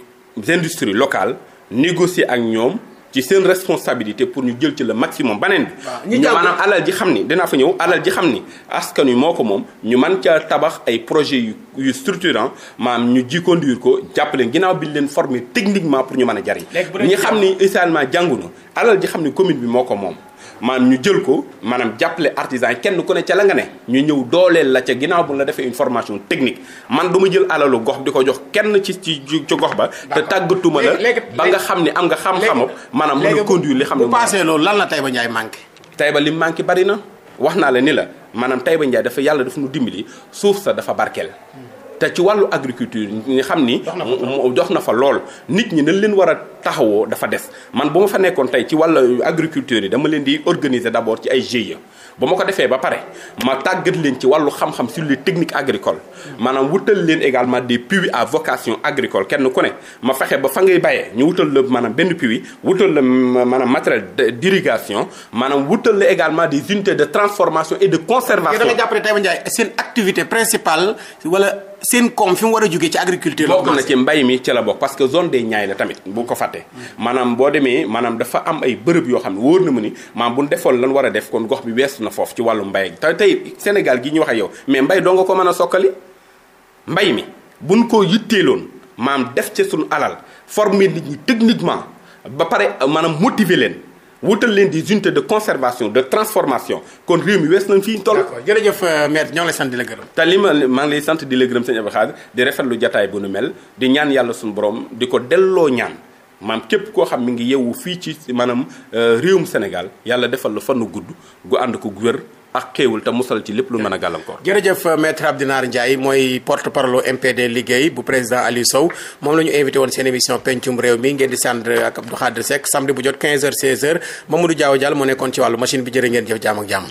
industries locales négocier ak ñoom ci seen responsabilité pour ñu jël ci la maximum baneen bi ñu maanaam alal ji xam ni dinaa fa ñëw alal ji xam ni askan wi moo ko moom ñu man ca tabax ay projets yu yu structurant maam ñu ji conduire ko jàpp leen ginnaaw bi leen former techniquement pour ñu mën a jariñ ñi xam ni essentiellement jàngu na alal xam ni commune bi moo ko moom maanaam ñu jël ko maanaam jàppale artisans yi kenn ku ne ca la nga ne ñu ñëw dooleel la ca ginnaaw bu la defee une technique man duma jël alalu gox di ko jox kenn ci ci ci gox ba te tàggatuma la ba nga xam ne am nga xam-xamam maanaam mën a conduire li xam ne bu passé loolu lan la Taïba Ndiaye manqué Taïba li manqué bari na wax naa la ni la maanaam Taïba Ndiaye dafa yàlla daf nu dimbili suuf sa dafa barkeel te ci wàllu agriculture ñi xam ni dox na fa lool nit ñi nañ leen war a taxawoo dafa des man bu ma fa nekkoon tey ci wàllu agriculture yi dama leen di organiser d'abord ci ay GIE ba ma ko defee ba pare ma tàggat leen ci wàllu xam-xam sur les techniques agricoles wutal leen également des puits à vocation agricole kenn ku ne ma fexe ba fa ngay bayee ñu wutal la maanaam benn puits wutal la maanaam matériel d'irrigation maanaam wutal la également des unités de transformation et de conservation. yow da nga seen activité principale wala. seen koom fi mu war a jógee ci agriculture la bokk na ci mbay mi ci la bokk parce que zone de Niayes la tamit bu ko fàtte maanaam boo demee maanaam dafa am ay bërëb yoo xam ne wóor na mu ni maanaam bu defoon lan war a def kon gox bi weesu na foofu ci wàllu mbay te tey Sénégal gi ñu wax ak yow mais mbay doo nga ko mën a sokkali mbay mi buñ ko yitteeloon maam def ci suñu alal former nit ñi techniquement ba pare maanaam motiver leen wutal leen des unités de conservation de transformation kon réew mi wees nañ fii toll. d'accord jërëjëf euh, maître ñoo ngi lay sant di la gërëm. li ma maa ngi lay sant di la gërëm di rafetlu jataay bu nu mel di ñaan yàlla suñu borom di ko delloo ñaan maam képp koo xam mi ngi yeewu fii ci maanaam euh, réewum Sénégal yàlla defal la fannu gudd gu ànd ko wér. ak xéewal te musal ci lépp lu mën a gàllankoor. jërëjëf maître Abdinaar Ndiaye mooy porte parole MPD liggéey bu président Aliou Sow moom la ñu invité woon seen émission pencum réew mi ngeen di sànd ak Abdou Khadre Seck samedi bu jot 15h 16h Mamadou Diaw Diall moo nekkoon ci wàllu machine bi jërë jëf jaam ak jaam.